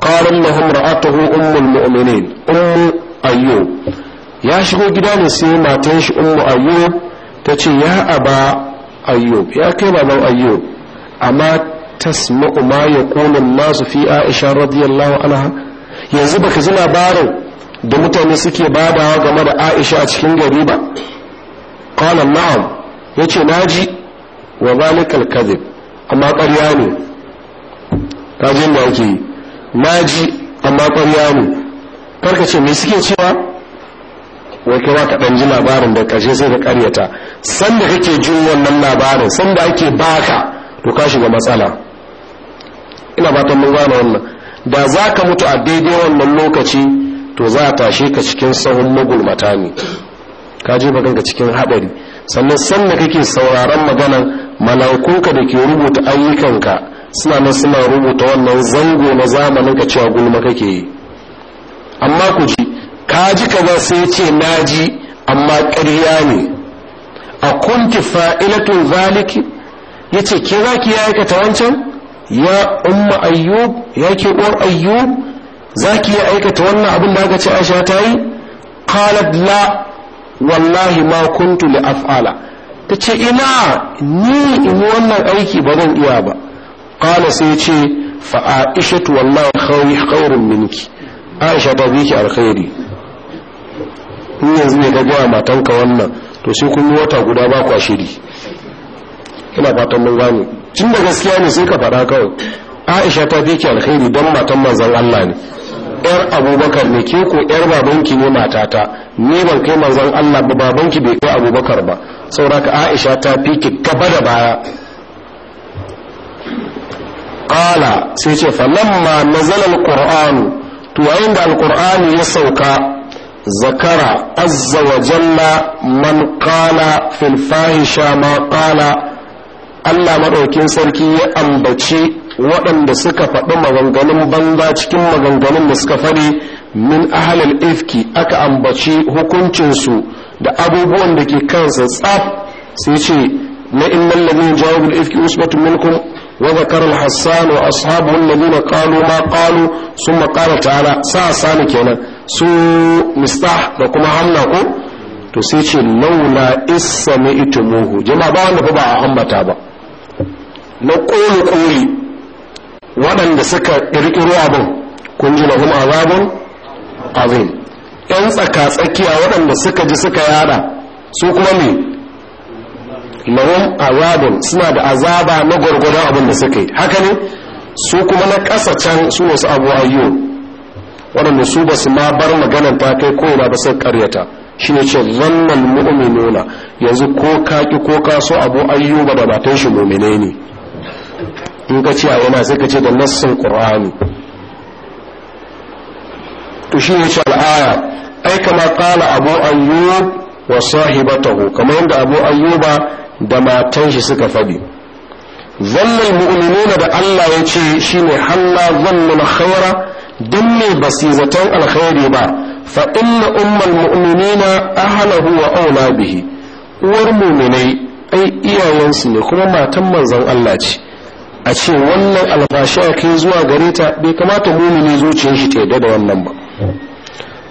qala lahum ra'atuhu ummul mu'minin ummu ayyub ya shigo gida ne sai matan shi ummu ayyub ta ce ya aba ayyub ya kai baban ayyub amma tasma'u ma yaqulu an-nasu fi Aisha radiyallahu anha yanzu baka ji labarin da mutane suke badawa game da aisha a cikin gari ba qala na'am yace naji wa zalikal kadhib amma ƙarya ne kajin da yake yi naji amma ƙarya ne karka ce me suke cewa wai ba ka dan ji labarin da kaje sai ka karyata sanda kake jin wannan labarin sanda ake baka to ka shiga matsala ina ta mun gane wannan da za ka mutu a daidai wannan lokaci to za a tashe ka cikin sahun magulmata ne ka je maganka cikin haɗari sannan sannan kake sauraron maganan malakunka da ke rubuta ayyukanka suna nan suna rubuta wannan zango na zamanin ka cewa gulma kake yi amma ku ji ka ji kaza sai ce na ji amma ƙarya ne a kunti fa'ilatun zaliki ya ce ke za ki yi aikata wancan ya umma ayyub ya ke uwar ayyub za ki yi aikata wannan abin da aka ce aisha ta yi qalat la wallahi ma kuntu li af'ala ta ce ina ni in wannan aiki ba zan iya ba qala sai ce fa aishatu wallahi khairun minki aisha ta biki alkhairi in yanzu ne ga gaya matanka wannan to sai kun yi wata guda ba ku shiri ina fatan mun gane tun da gaskiya ne sai ka faɗa kawai aisha ta fi ki alkhairi don matan manzan allah ne yar abubakar ne ke ko yar babanki ne matata ni ban kai manzon allah ba babanki bai kai abubakar ba sauraka aisha ta fi ki gaba da baya qala sai ce falamma nazala alquran to yayin da alqur'ani ya sauka zakara azza wa jalla man qala fil fahisha ma qala allah maɗaukin sarki ya ambaci waɗanda suka faɗi maganganun banza cikin maganganun da suka faɗi min ahalal ifki aka ambaci hukuncinsu da abubuwan da ke kansa tsaf sai ce na innan labin jawabin ifki usbatun minkum وذكر الحسان وأصحابه ma قالوا ما قالوا ثم sa Sani kenan, su كينا da kuma Hamna ko? to sai ce laula isa mai jama'a ba wanda ba a ambata ba na ƙoli-ƙoli waɗanda suka ƙirƙiro abin kun ji lahum azabun azim ƴan tsaka-tsakiya waɗanda suka ji suka yada su kuma ne lahum azabun suna da azaba na gwargwadon abin da suka yi haka ne su kuma na ƙasa can su wasu abu ayyo waɗanda su ba su ma bar maganan ta kai ko ina ba sun karyata shi ne ce zannan mu'minuna yanzu ko kaki ko kaso abu ba da matan shi mu'mine ne in ka ce a yana sai ka ce da nassin ƙur'ani to shi wuce al'aya ai kama kala abu ayyub wa sahibatahu kamar yadda abu ayyuba da matan shi suka faɗi zannul mu'minuna da Allah ya ce shine halla zannul khaira duk mai basi zaton alkhairi ba fa inna ummal mu'minina ahlahu wa aula bihi uwar mu'minai ai iyayensu ne kuma matan manzon Allah ce a ce wannan alfasha a kai zuwa gare ta bai kamata mumini zuciyar shi ta yadda da wannan ba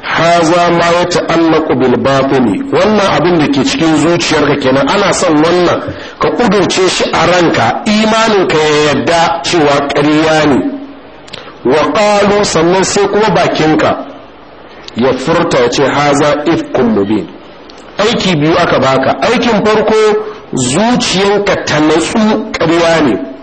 haza ma ya ta'allaku bil batini wannan abin da ke cikin zuciyar ka kenan ana son wannan ka kudurce shi a ranka imanin ka ya yarda cewa ƙarya ne wa qalu sannan sai kuma bakinka ya furta ya ce haza ifkun mubin aiki biyu aka baka aikin farko zuciyanka ta natsu ƙarya ne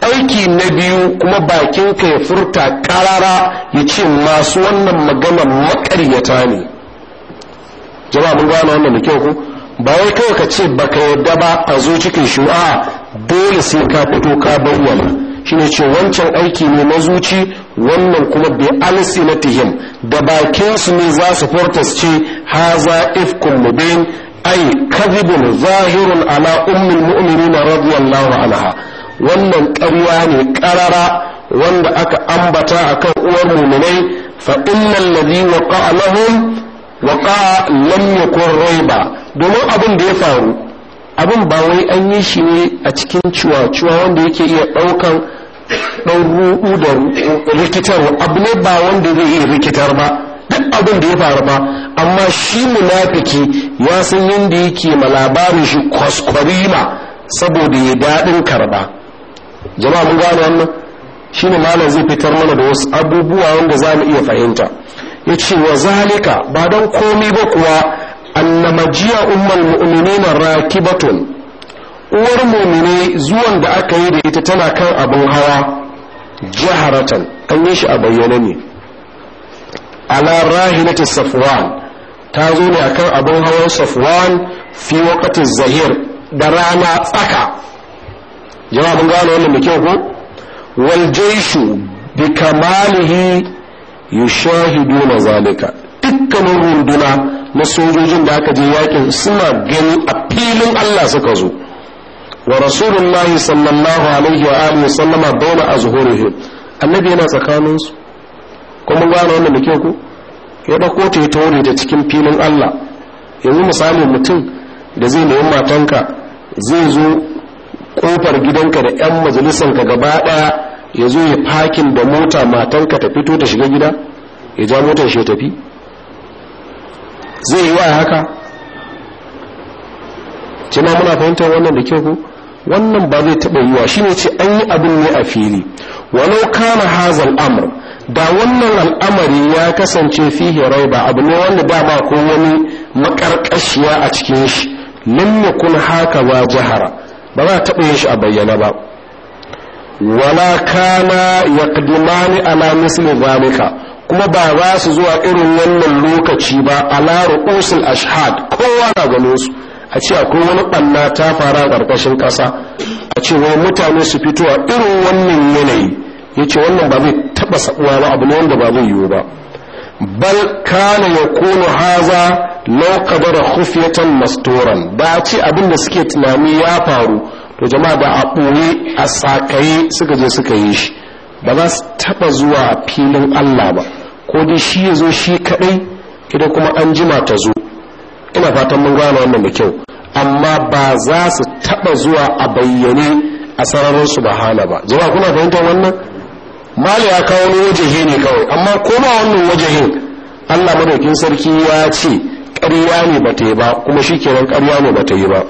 aiki na biyu kuma bakin ka ya furta karara ya ce masu wannan magana makaryata ne jama'a mun gano wannan da kyau ku ba wai kawai ka ce baka yarda ba a zo cikin shu'a dole sai ka fito ka bayyana shine ce wancan aiki ne na zuci wannan kuma bi tihim da bakin su ne za su furta su ce haza ifkun mubin ay kadhibun zahirun ala ummul mu'minina radiyallahu anha wannan ƙarya ne ƙarara wanda aka ambata a kan uwar muminai fa innal ladhi waqa'a lahum waqa'a lam yakun raiba domin abin da ya faru abin ba wai an yi shi ne a cikin ciwa-ciwa wanda yake iya ɗaukan ɗan ruɗu da rikitar abu ne ba wanda zai iya rikitar ba duk abin da ya faru ba amma shi munafiki ya san yadda yake ma labarin shi kwaskwarima saboda ya daɗin karɓa. jama'a mun gane wannan shine malam zai fitar mana da wasu abubuwa wanda za mu iya fahimta ya ce wa zalika ba don komi ba kuwa annamajiya ummal raki rakibatun uwar mu'mine zuwan da aka yi da ita tana kan abin hawa jaharatan an yi shi a bayyane ne ala rahilati safwan ta zo ne kan abin hawan safwan fi waqati zahir da rana tsaka jama'a mun gane wannan da kyau ko wal jaishu bi kamalihi yushahiduna zalika dukkanin runduna na sojojin da aka je yakin suna gani a filin Allah suka zo wa rasulullahi sallallahu alaihi wa alihi wa sallama baina azhurihim annabi yana tsakaninsu. su ko mun gane wannan da kyau ko ya dauko ta ya tore ta cikin filin Allah yanzu misali mutum da zai nemi matanka zai zo kofar gidanka da 'yan majalisanka gaba ɗaya ya zo ya fakin da mota matanka ta fito ta shiga gida ya ja motar shi tafi zai yi wa haka Cina muna fahimtar wannan da kyau ko wannan ba zai taɓa yiwa shi ne ce an yi abin ne a fili walau kana hazal amr da wannan al'amari ya kasance fihi raiba abu ne wanda dama ko wani makarkashiya a cikin shi lam kun haka ba jahara ba za a taɓa yin shi a bayyana ba wala kana ya ƙadimani ala misli zalika kuma ba za su zuwa irin wannan lokaci ba ala ru'usul ashhad kowa na ganin su a ce akwai wani ɓanna ta fara ƙarƙashin ƙasa a ce wai mutane su fito a irin wannan yanayi ya ce wannan ba zai taɓa saɓuwa ba abu ne wanda ba zai yiwu ba bal kana ya haza lau kadara khufiyatan mastoran da ce abin da suke tunani ya faru to jama'a da a ɓoye a sakaye suka je suka yi shi ba za su taɓa zuwa filin allah ba ko dai shi ya zo shi kaɗai idan kuma an jima ta zo ina fatan mun gane wannan da kyau amma ba za su taɓa zuwa a bayyane a sararin subhana ba jama'a kuna fahimtar wannan mali ya kawo wani wajehe ne kawai amma koma wannan wajehin allah madaukin sarki ya ce ƙarya ne ba ta yi ba kuma shi kenan ƙarya ne ba ta yi ba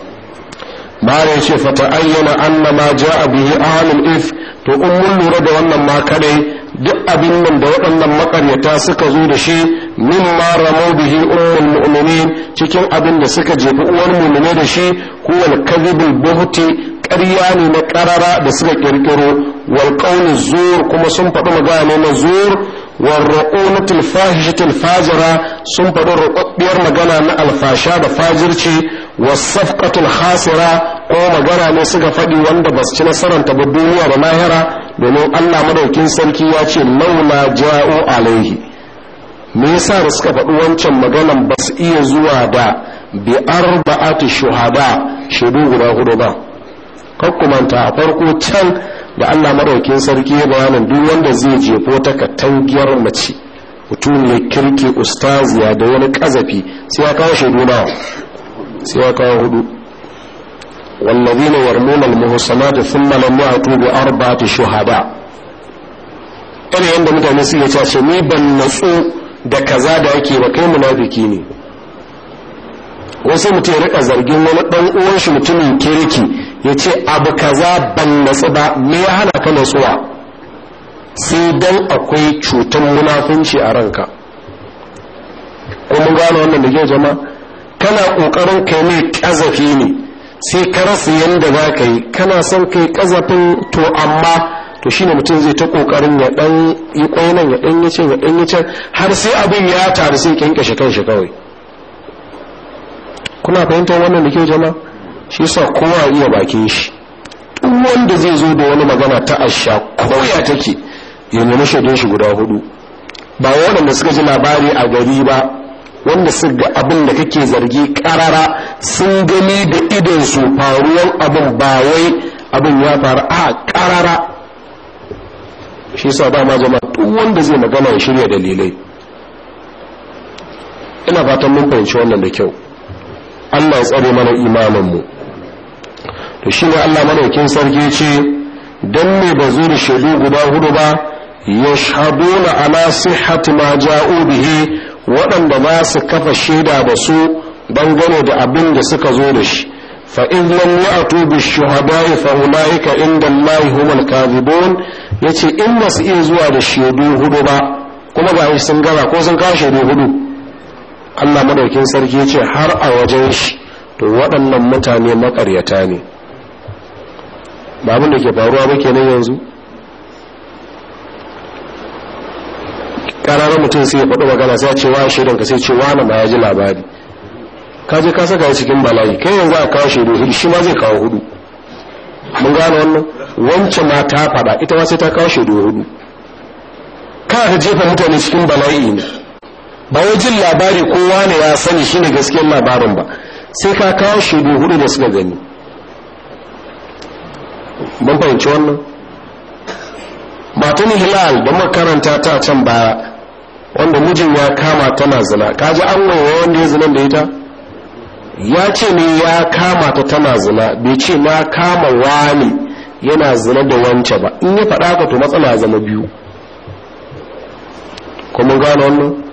mara ya ce fata ayyana annama ma ja a bihi ahalul if to in mun lura da wannan ma kadai duk abin nan da waɗannan makaryata suka zo da shi min ma ramau bihi ummul mu'minin cikin abin da suka jefi uwar mu'mine da shi huwal kadhibul buhti ƙarya ne na ƙarara da suka ƙirƙiro wal zuwar kuma sun faɗi magana ne na zuwar والرؤونه الفاحشه الفاجره سن فدر رقبيار مغانا من الفاشا ده فاجرشي والصفقه الخاسره ko magana ne suka faɗi wanda ba su ci nasaranta ba duniya da lahira domin allah madaukin sarki ya ce launa ja'o alaihi me yasa da suka faɗi wancan maganan ba su iya zuwa da bi arba'ati shuhada shaidu guda hudu ba kakkumanta a farko can da Allah maraukin sarki ya bayanin duk wanda zai jefo ta katangiyar mace mutum kirki kirke ustaziya da wani kazafi sai ya kawo shaidu nawa sai ya kawo hudu wallazina yarmuna almuhsanat thumma lam ya'tu arba ta shuhada irin yadda mutane su cewa ce ni ban natsu da kaza da ake ba kai munafiki ne wasu mutum ya rika zargin wani dan uwan shi mutumin kirki ya ce abu kaza ban natsu ba me ya hana ka natsuwa sai dan akwai cutar munafunci a ranka ko mun gane wannan da ke jama kana kokarin kai mai kazafi ne sai ka rasa yanda za ka yi kana son kai kazafin to amma to shine mutum zai ta kokarin ya dan yi kwainan ya dan yi ya dan har sai abin ya taru sai kyankyashe kanshi kawai kuna fahimtar wannan da ke jama shi sa kowa iya bakin shi duk wanda zai zo da wani magana ta asha koya take ya nemi shaidun shi guda hudu ba waɗanda suka ji labari a gari ba wanda su ga abin da kake zargi karara sun gani da idon su faruwan abin ba wai abin ya faru a karara shi sa dama jama duk wanda zai magana ya shirya dalilai ina fatan mun fahimci wannan da kyau Allah ya tsare mana imaninmu to shi ne Allah madaukin sarki ce don me ba zuri shaidu guda hudu ba ya na ala sihhati ma ja'u bihi waɗanda ba su kafa shaida ba su dangane da abin da suka zo da shi fa in lam ya'tu bi shuhada'i fa ulaika inda Allah humul kadhibun yace in ba su iya zuwa da shaidu hudu ba kuma ba sun gara ko sun kawo shaidu hudu allah madaukin sarki ce har a wajen shi to waɗannan mutane makaryata ne ba abin da ke faruwa ba kenan yanzu ƙararar mutum sai ya faɗi magana sai ce wa shaidan ka sai ce na ya ji labari ka je ka saka cikin bala'i kai yanzu a kawo shaidu hudu shi ma zai kawo hudu mun gane wannan wancan ma ta faɗa ita ma sai ta kawo shaidu hudu ka ta jefa mutane cikin bala'i ne ba wajen labari kowa ne ya sani shi ne gaskiyar labarin ba sai ka kawo shaidu hudu da suka gani ban fahimci wannan matan hilal da makaranta ta can baya wanda mijin ya kama tana zina kaji an wawa wanda ya zina da ita ya ce ne ya kama ta tana zina bai ce na kama wani yana zina da wance ba in ya faɗa ka to matsala zama biyu kuma gano wannan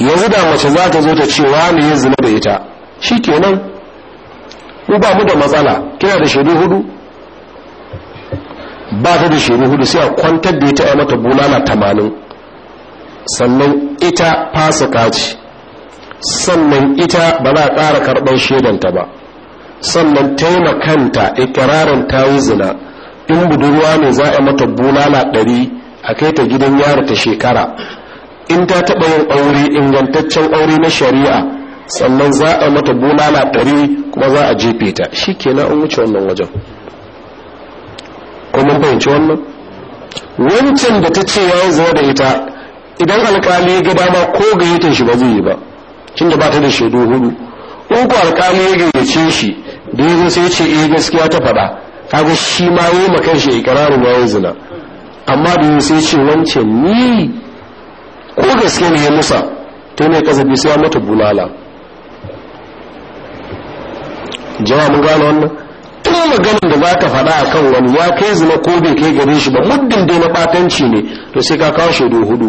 yanzu da mace za ta zo ta ce wani ya zina da ita shi kenan mu ba mu da matsala kina da shaidu hudu ba ta da shaidu hudu sai a kwantar da ita a mata bulala tamanin sannan ita fasa ce sannan ita ba za a ƙara karɓar shaidanta ba sannan taimakanta ikirarin ta yi zina in budurwa ne za a mata bulala ɗari a kai ta gidan yara ta shekara in ta taɓa yin aure ingantaccen aure na shari'a sannan za a mata bulala ɗari kuma za a jefe ta shi ke na wuce wannan wajen kuma fahimci wannan wancan da ta ce ya zuwa da ita idan alkali ga dama ko gayyatar shi ba zai yi ba shin da ba ta da shaidu hudu in ku alkali ya gayyace shi da ya zo sai ce eh gaskiya ta faɗa kaga shi ma yi ma shi ikirarin ya yi zina amma da sai ce wancan ni ko gaske ne ya musa to ne kasafi sai ya mata bulala jama'a mun gane wannan tun maganin da za ka faɗa a kan wani ya kai zina ko bai kai gare shi ba muddin dai na ɓatanci ne to sai ka kawo shaidu hudu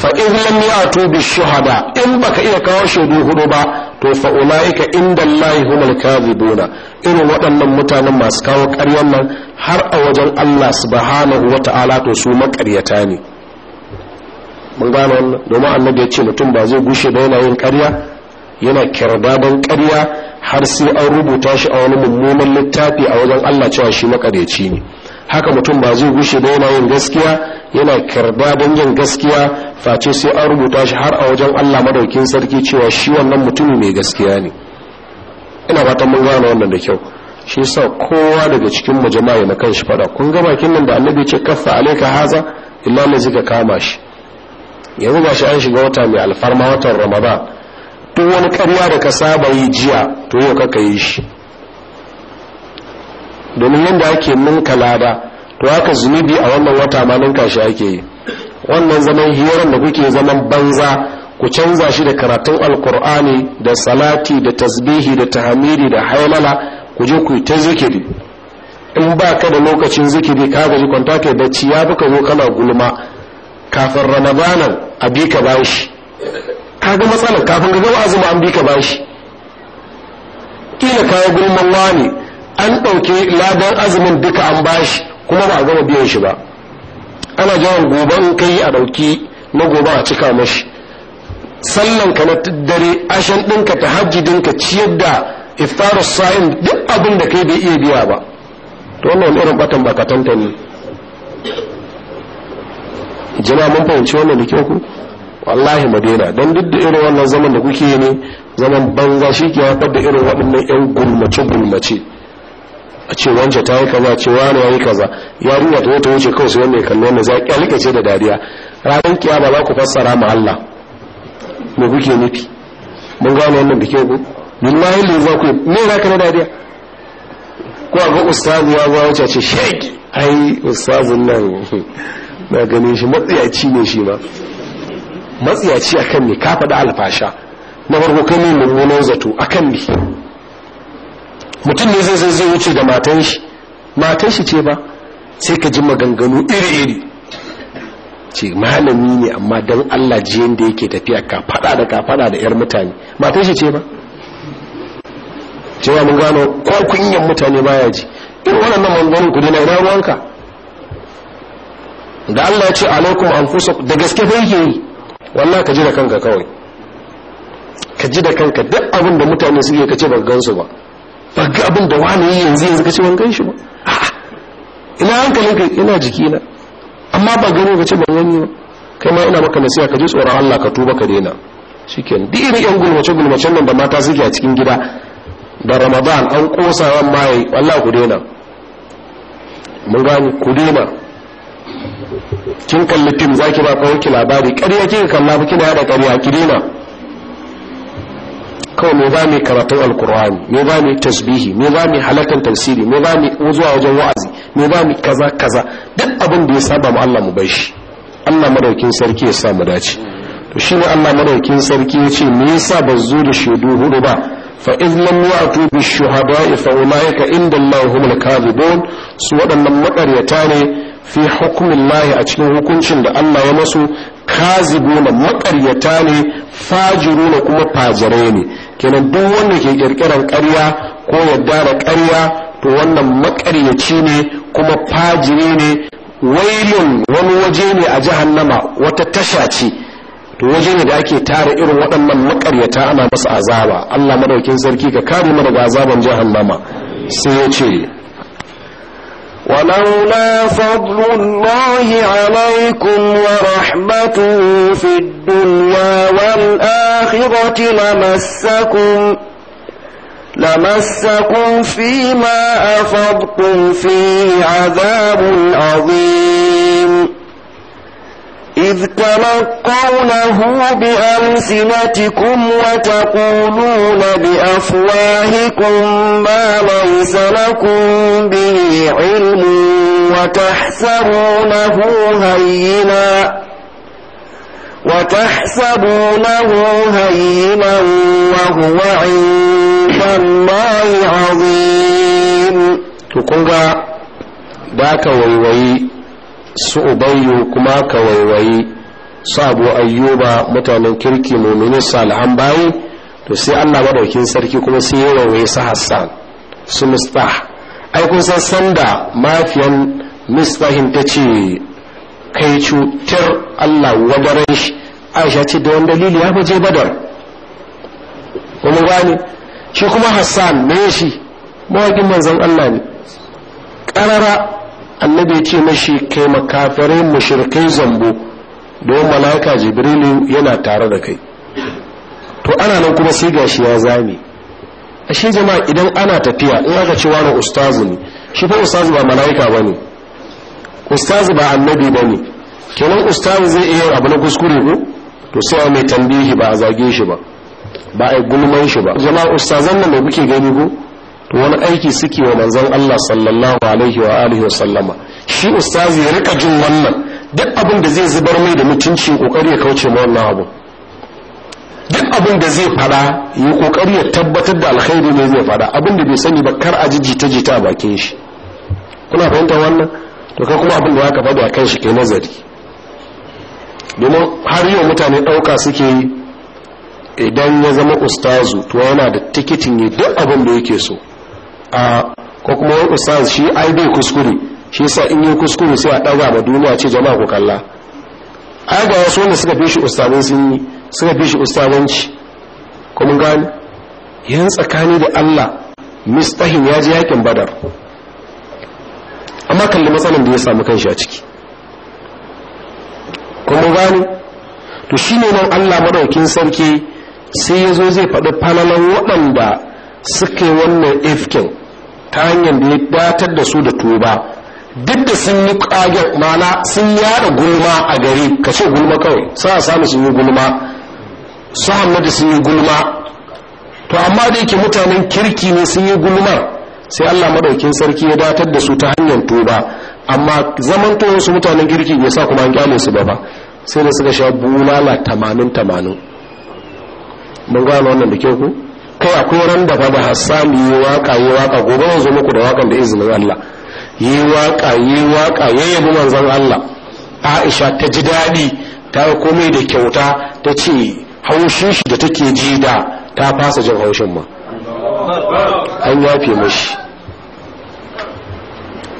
fa in lam ya'tu bi shuhada in baka iya kawo shaidu hudu ba to fa ulaika inda Allah humul kadhibuna irin waɗannan mutanen masu kawo ƙaryan nan har a wajen Allah subhanahu wata'ala to su maƙaryata ne mun gano wannan domin annabi ya ce mutum ba zai gushe da yana yin ƙarya yana dan ƙarya har sai an rubuta shi a wani mummunan littafi a wajen Allah cewa shi makaryaci ne haka mutum ba zai gushe da yana yin gaskiya yana kyarda don yin gaskiya face sai an rubuta shi har a wajen Allah madaukin sarki cewa shi wannan mutumi mai gaskiya ne ina fatan mun gane wannan da kyau shi yasa kowa daga cikin mu jama'a na kan shi fada kun ga bakin nan da annabi ce kaffa alayka haza illa zika kama shi yanzu ba shi an shiga wata mai alfarma watan ramadan duk wani karya da ka saba yi jiya to yau kaka yi shi domin yadda ake ninka lada to haka zunubi a wannan wata ma ninka shi ake yi wannan zaman hiyarar da kuke zaman banza ku canza shi da karatun alkur'ani da salati da tasbihi da tahamiri da haimala ku je ku ta zikiri in ba ka da lokacin zikiri ka gaji kwanta ke bacci ya fi ka zo kana gulma kafin ramadanan a bi ka bashi kaga matsalar kafin ga gama azuma an bi ka bashi kila kawo gulman wani an ɗauki ladan azumin duka an bashi kuma ba a gama biyan shi ba ana jawon goban kai a ɗauki na gobe a cika mashi sallan ka na dare ashen ɗinka ta hajji ɗinka ciyar da iftarar sa'in duk abin da kai bai iya biya ba to wannan irin batan bakatanta ne jama'a mun fahimci wannan da kyau ku wallahi madina don duk da irin wannan zaman da kuke ne zaman banza shi ke haifar da irin waɗannan 'yan gulmace-gulmace a ce wance ta yi kaza ce wani ya yi kaza yarinya ta wata wuce kawai su wanda ya kalli wannan za ki ce da dariya ranar kiyama za ku fassara ma Allah me kuke nufi mun gane wannan da kyau ku billahi ne za ku yi me za ka na dariya ko a ga ustazu ya zo wace ce shek ai ustazun nan na gane shi matsiyaci ne shi ma matsiyaci kan ne ka faɗi alfasha na farko kan mai mummunan zato a kan ne mutum ne zai zai wuce da matan shi matan shi ce ba sai ka ji maganganu iri-iri ce malami ne amma don allah jiyan da yake tafiya ka faɗa da ka faɗa da 'yar mutane matan shi ce ba cewa mun gano ko kunyan mutane baya ji irin waɗannan maganganun kudi na ina ruwanka da Allah ya ce alaikum anfusakum da gaske fa yake yi wallahi ka ji da kanka kawai ka ji da kanka duk abin da mutane yi ka ce ba su ba ba ga abin da wani yi yanzu yanzu ka ce ban gan shi ba ina ka ina jiki na amma ba gani ka ce ban gani ba kai ma ina maka nasiha ka ji tsoron Allah ka tuba ka daina shikenan duk irin yan gulmace gulmacen nan da mata suke a cikin gida da Ramadan an kosa ran mai wallahi ku daina mun gani ku daina kin kalli fim zaki ba kawai labari ƙarya kika kalla ba kina yada ƙarya ki daina kawai me ba mu karatun alkur'ani me ba mu tasbihi me ba mu halakan tafsiri me za mu zuwa wajen wa'azi me ba mu kaza kaza duk abin da ya saba mu Allah mu bai shi Allah madaukin sarki ya sa mu dace to shine Allah madaukin sarki ya ce me yasa ba zo da shaidu hudu ba fa iz lam ya'tu bi shuhada'i fa ulaika inda Allah humul kadhibun su waɗannan maƙaryata ne fi hukumin lahi a cikin hukuncin da Allah ya masu na makaryata ne Fajiru na kuma fajire ne kenan duk wanda ke kirkiran ƙarya ko yadda da ƙarya to wannan makaryaci ne kuma fajire ne wailun wani waje ne a jahannama wata tasha ce to waje ne da ake tara irin waɗannan makaryata ana masa azaba Allah madaukin sarki ka kare mu daga azaban jahannama sai ya ce ولولا فضل الله عليكم ورحمته في الدنيا والآخرة لمسكم لمسكم فيما أفضتم فيه عذاب عظيم إذ تلقونه بألسنتكم وتقولون بأفواهكم ما ليس لكم به علم وتحسبونه هينا وتحسبونه هينا وهو عند الله عظيم تقول ذاك ويوي su ubayyu kuma ka waiwayi su abu ayyuba mutanen kirki mumini salihan bayi to sai allah madaukin sarki kuma sai ya waiwayi su hassan su mustah ai kun san sanda mafiyan mustahin ta ce kai cutar allah wadaran shi aisha ce da wani dalili ya je badar kuma gani shi kuma hassan ne shi mawaƙin manzon allah ne ƙarara annabi ya ce mashi kai makafirai mushrikai zambo don malaka jibrilu yana tare da kai to ana nan kuma sai gashi ya zame ashe jama'a idan ana tafiya in aka ce wani ustazu ne shi fa ustazu ba malaika bane ustazu ba annabi bane kenan ustazu zai iya abu na kuskure ko to sai a mai tambihi ba a zage shi ba ba a gulman shi ba jama'a ustazan nan da kuke gani ko to wani aiki suke wa manzon Allah sallallahu alaihi wa alihi wa sallama shi ustazi ya rika jin wannan duk abin da zai zubar mai da mutunci kokari ya kauce ma wannan abu duk abin da zai fada yi kokari ya tabbatar da alkhairi ne zai fada abin da bai sani ba kar a ji jita jita a bakin shi kuna fahimtar wannan to kai kuma abin da zaka faɗi a kan shi kai nazari domin har yau mutane ɗauka suke yi idan ya zama ustazu to yana da tikitin yi duk abin da yake so a ko kuma wani ustaz shi ai bai kuskure shi yasa in yi kuskure sai a ɗaga ma duniya ce jama'a ku kalla ai ga wasu wanda suka bishi shi ustazan sun yi suka fi shi ustazanci kuma gani yan tsakani da Allah mistahin ya ji yakin badar amma kalli matsalan da ya samu kanshi a ciki kuma gani to shine nan Allah madaukin sarki sai ya zo zai faɗi falalan waɗanda suke wannan ifkin ta hanyar da ya datar da su da tuba duk da sun yi kage mana sun yada gulma a gari ka ce gulma kawai sa samu sun yi gulma su da sun yi gulma to amma da yake mutanen kirki ne sun yi gulma sai allah madaukin sarki ya datar da su ta hanyar tuba amma to su mutanen kirki ya sa kuma an kyale su ba ba sai da suka sha bulala tamanin tamanin mun gane wannan da kyau ku kai akwai ran da da Hassan yi waka yi waka gobe zo muku da wakan da izinin Allah yi waka yi waka yayyabi manzon Allah Aisha ta ji daɗi ta yi komai da kyauta ta ce haushin shi da take ji da ta fasa jin haushin ma an yafe mashi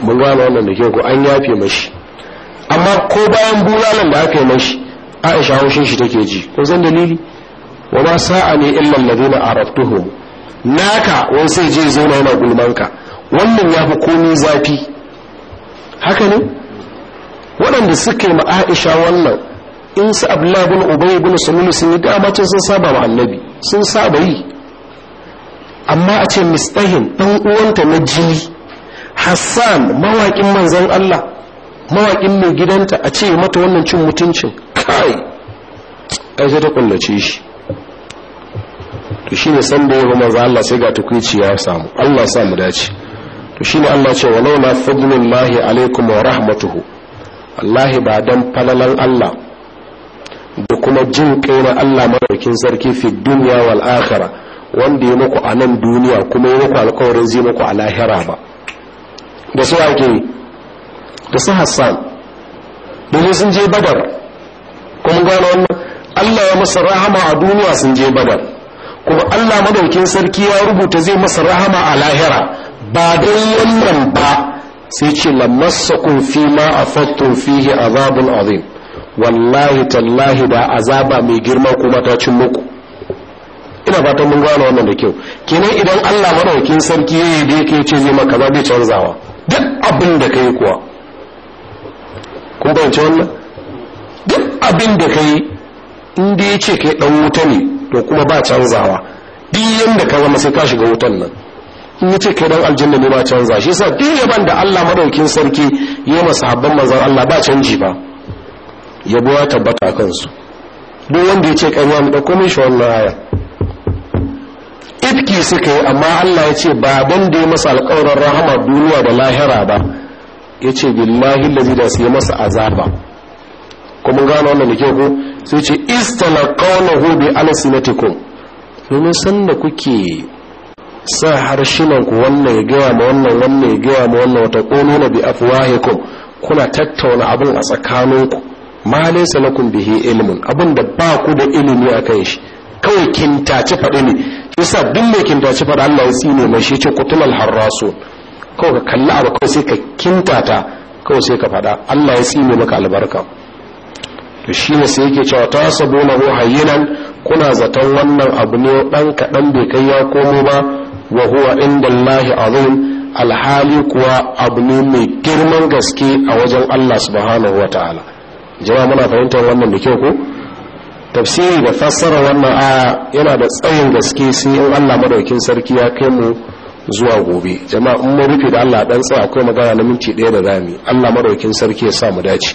mun gane wannan da ke ku an yafe mashi amma ko bayan bulalan da aka yi mashi aisha haushin shi take ji ko zan dalili wa ma sa'ani illa alladhina araftuhum naka wai sai je zauna yana gulmanka wannan ya fi komai zafi haka ne waɗanda suka yi ma aisha wannan in su abdullahi bin ubay bin sulul sun yi dama sun saba ma annabi sun saba yi amma a ce mistahin ɗan uwanta na jini hassan mawaƙin manzon allah mawaƙin mai gidanta a ce mata wannan cin mutuncin kai ai ta kullace shi to shi ne san da yaba za Allah sai ga tukuici ya samu Allah sa mu dace to shi ne Allah ce walau la lahi alaikum wa rahmatuhu Allah ba dan falalan Allah da kuma jin kai na Allah madaukin sarki fi dunya wal akhirah wanda ya muku a nan duniya kuma ya muku alƙawarin zai muku a lahira ba da su ake da su hassan domin sun je badar kuma gano wannan allah ya musu rahama a duniya sun je badar kuma Allah madaukin sarki ya rubuta zai masa rahama a lahira ba don wannan ba sai ce lamassakum fi ma a afattum fihi azabun azim wallahi tallahi da azaba mai girma kuma ta cin muku ina fatan mun gano wannan da kyau kenan idan Allah madaukin sarki yayi da yake ce zai maka ba bai canzawa duk abin da kai kuwa kun bayyana wannan duk abin da kai in da yace kai dan wuta ne to kuma ba canzawa duk yanda ka zama sai ka shiga wutan nan in yace kai dan aljanna ne ba canza shi yasa duk yaban da Allah madaukin sarki ya masa habban manzon Allah ba canji ba yabo ya tabbata kansu duk wanda yace ƙarya mu dauko min shi wannan aya ifki suka yi amma Allah ya ce ba ban da ya masa alƙawarin rahama duniya da lahira ba yace billahi allazi da su masa azaba kuma gano wannan da ke ku sai ce istalaqawnahu bi alsinatikum domin sanda kuke sa harshinan ku wannan ya gaya ma wannan wannan ya gaya ma wannan wata na bi afwahikum kuna tattauna abin a tsakaninku ma laysa lakum bihi ilmun abin da ba ku da ilimi akan shi kawai kintace faɗi ne yasa duk mai kintace faɗi Allah ya tsine mai shi ce kutumul harrasu kawai ka kalli abu kawai sai ka kintata kawai sai ka faɗa Allah ya tsine maka albarka to shi ne sai yake cewa ta sabo na ho hayyinan kuna zaton wannan abu ne ɗan kaɗan bai kai ya komo ba wa huwa inda Allahi azim alhali kuwa abu ne mai girman gaske a wajen Allah subhanahu wa ta'ala jama muna fahimtar wannan da kyau ko tafsiri da fassara wannan aya yana da tsayin gaske sai in Allah madaukin sarki ya kai mu zuwa gobe jama'a in mun rufe da Allah dan tsaya akwai magana na minti ɗaya da zami Allah madaukin sarki ya sa mu dace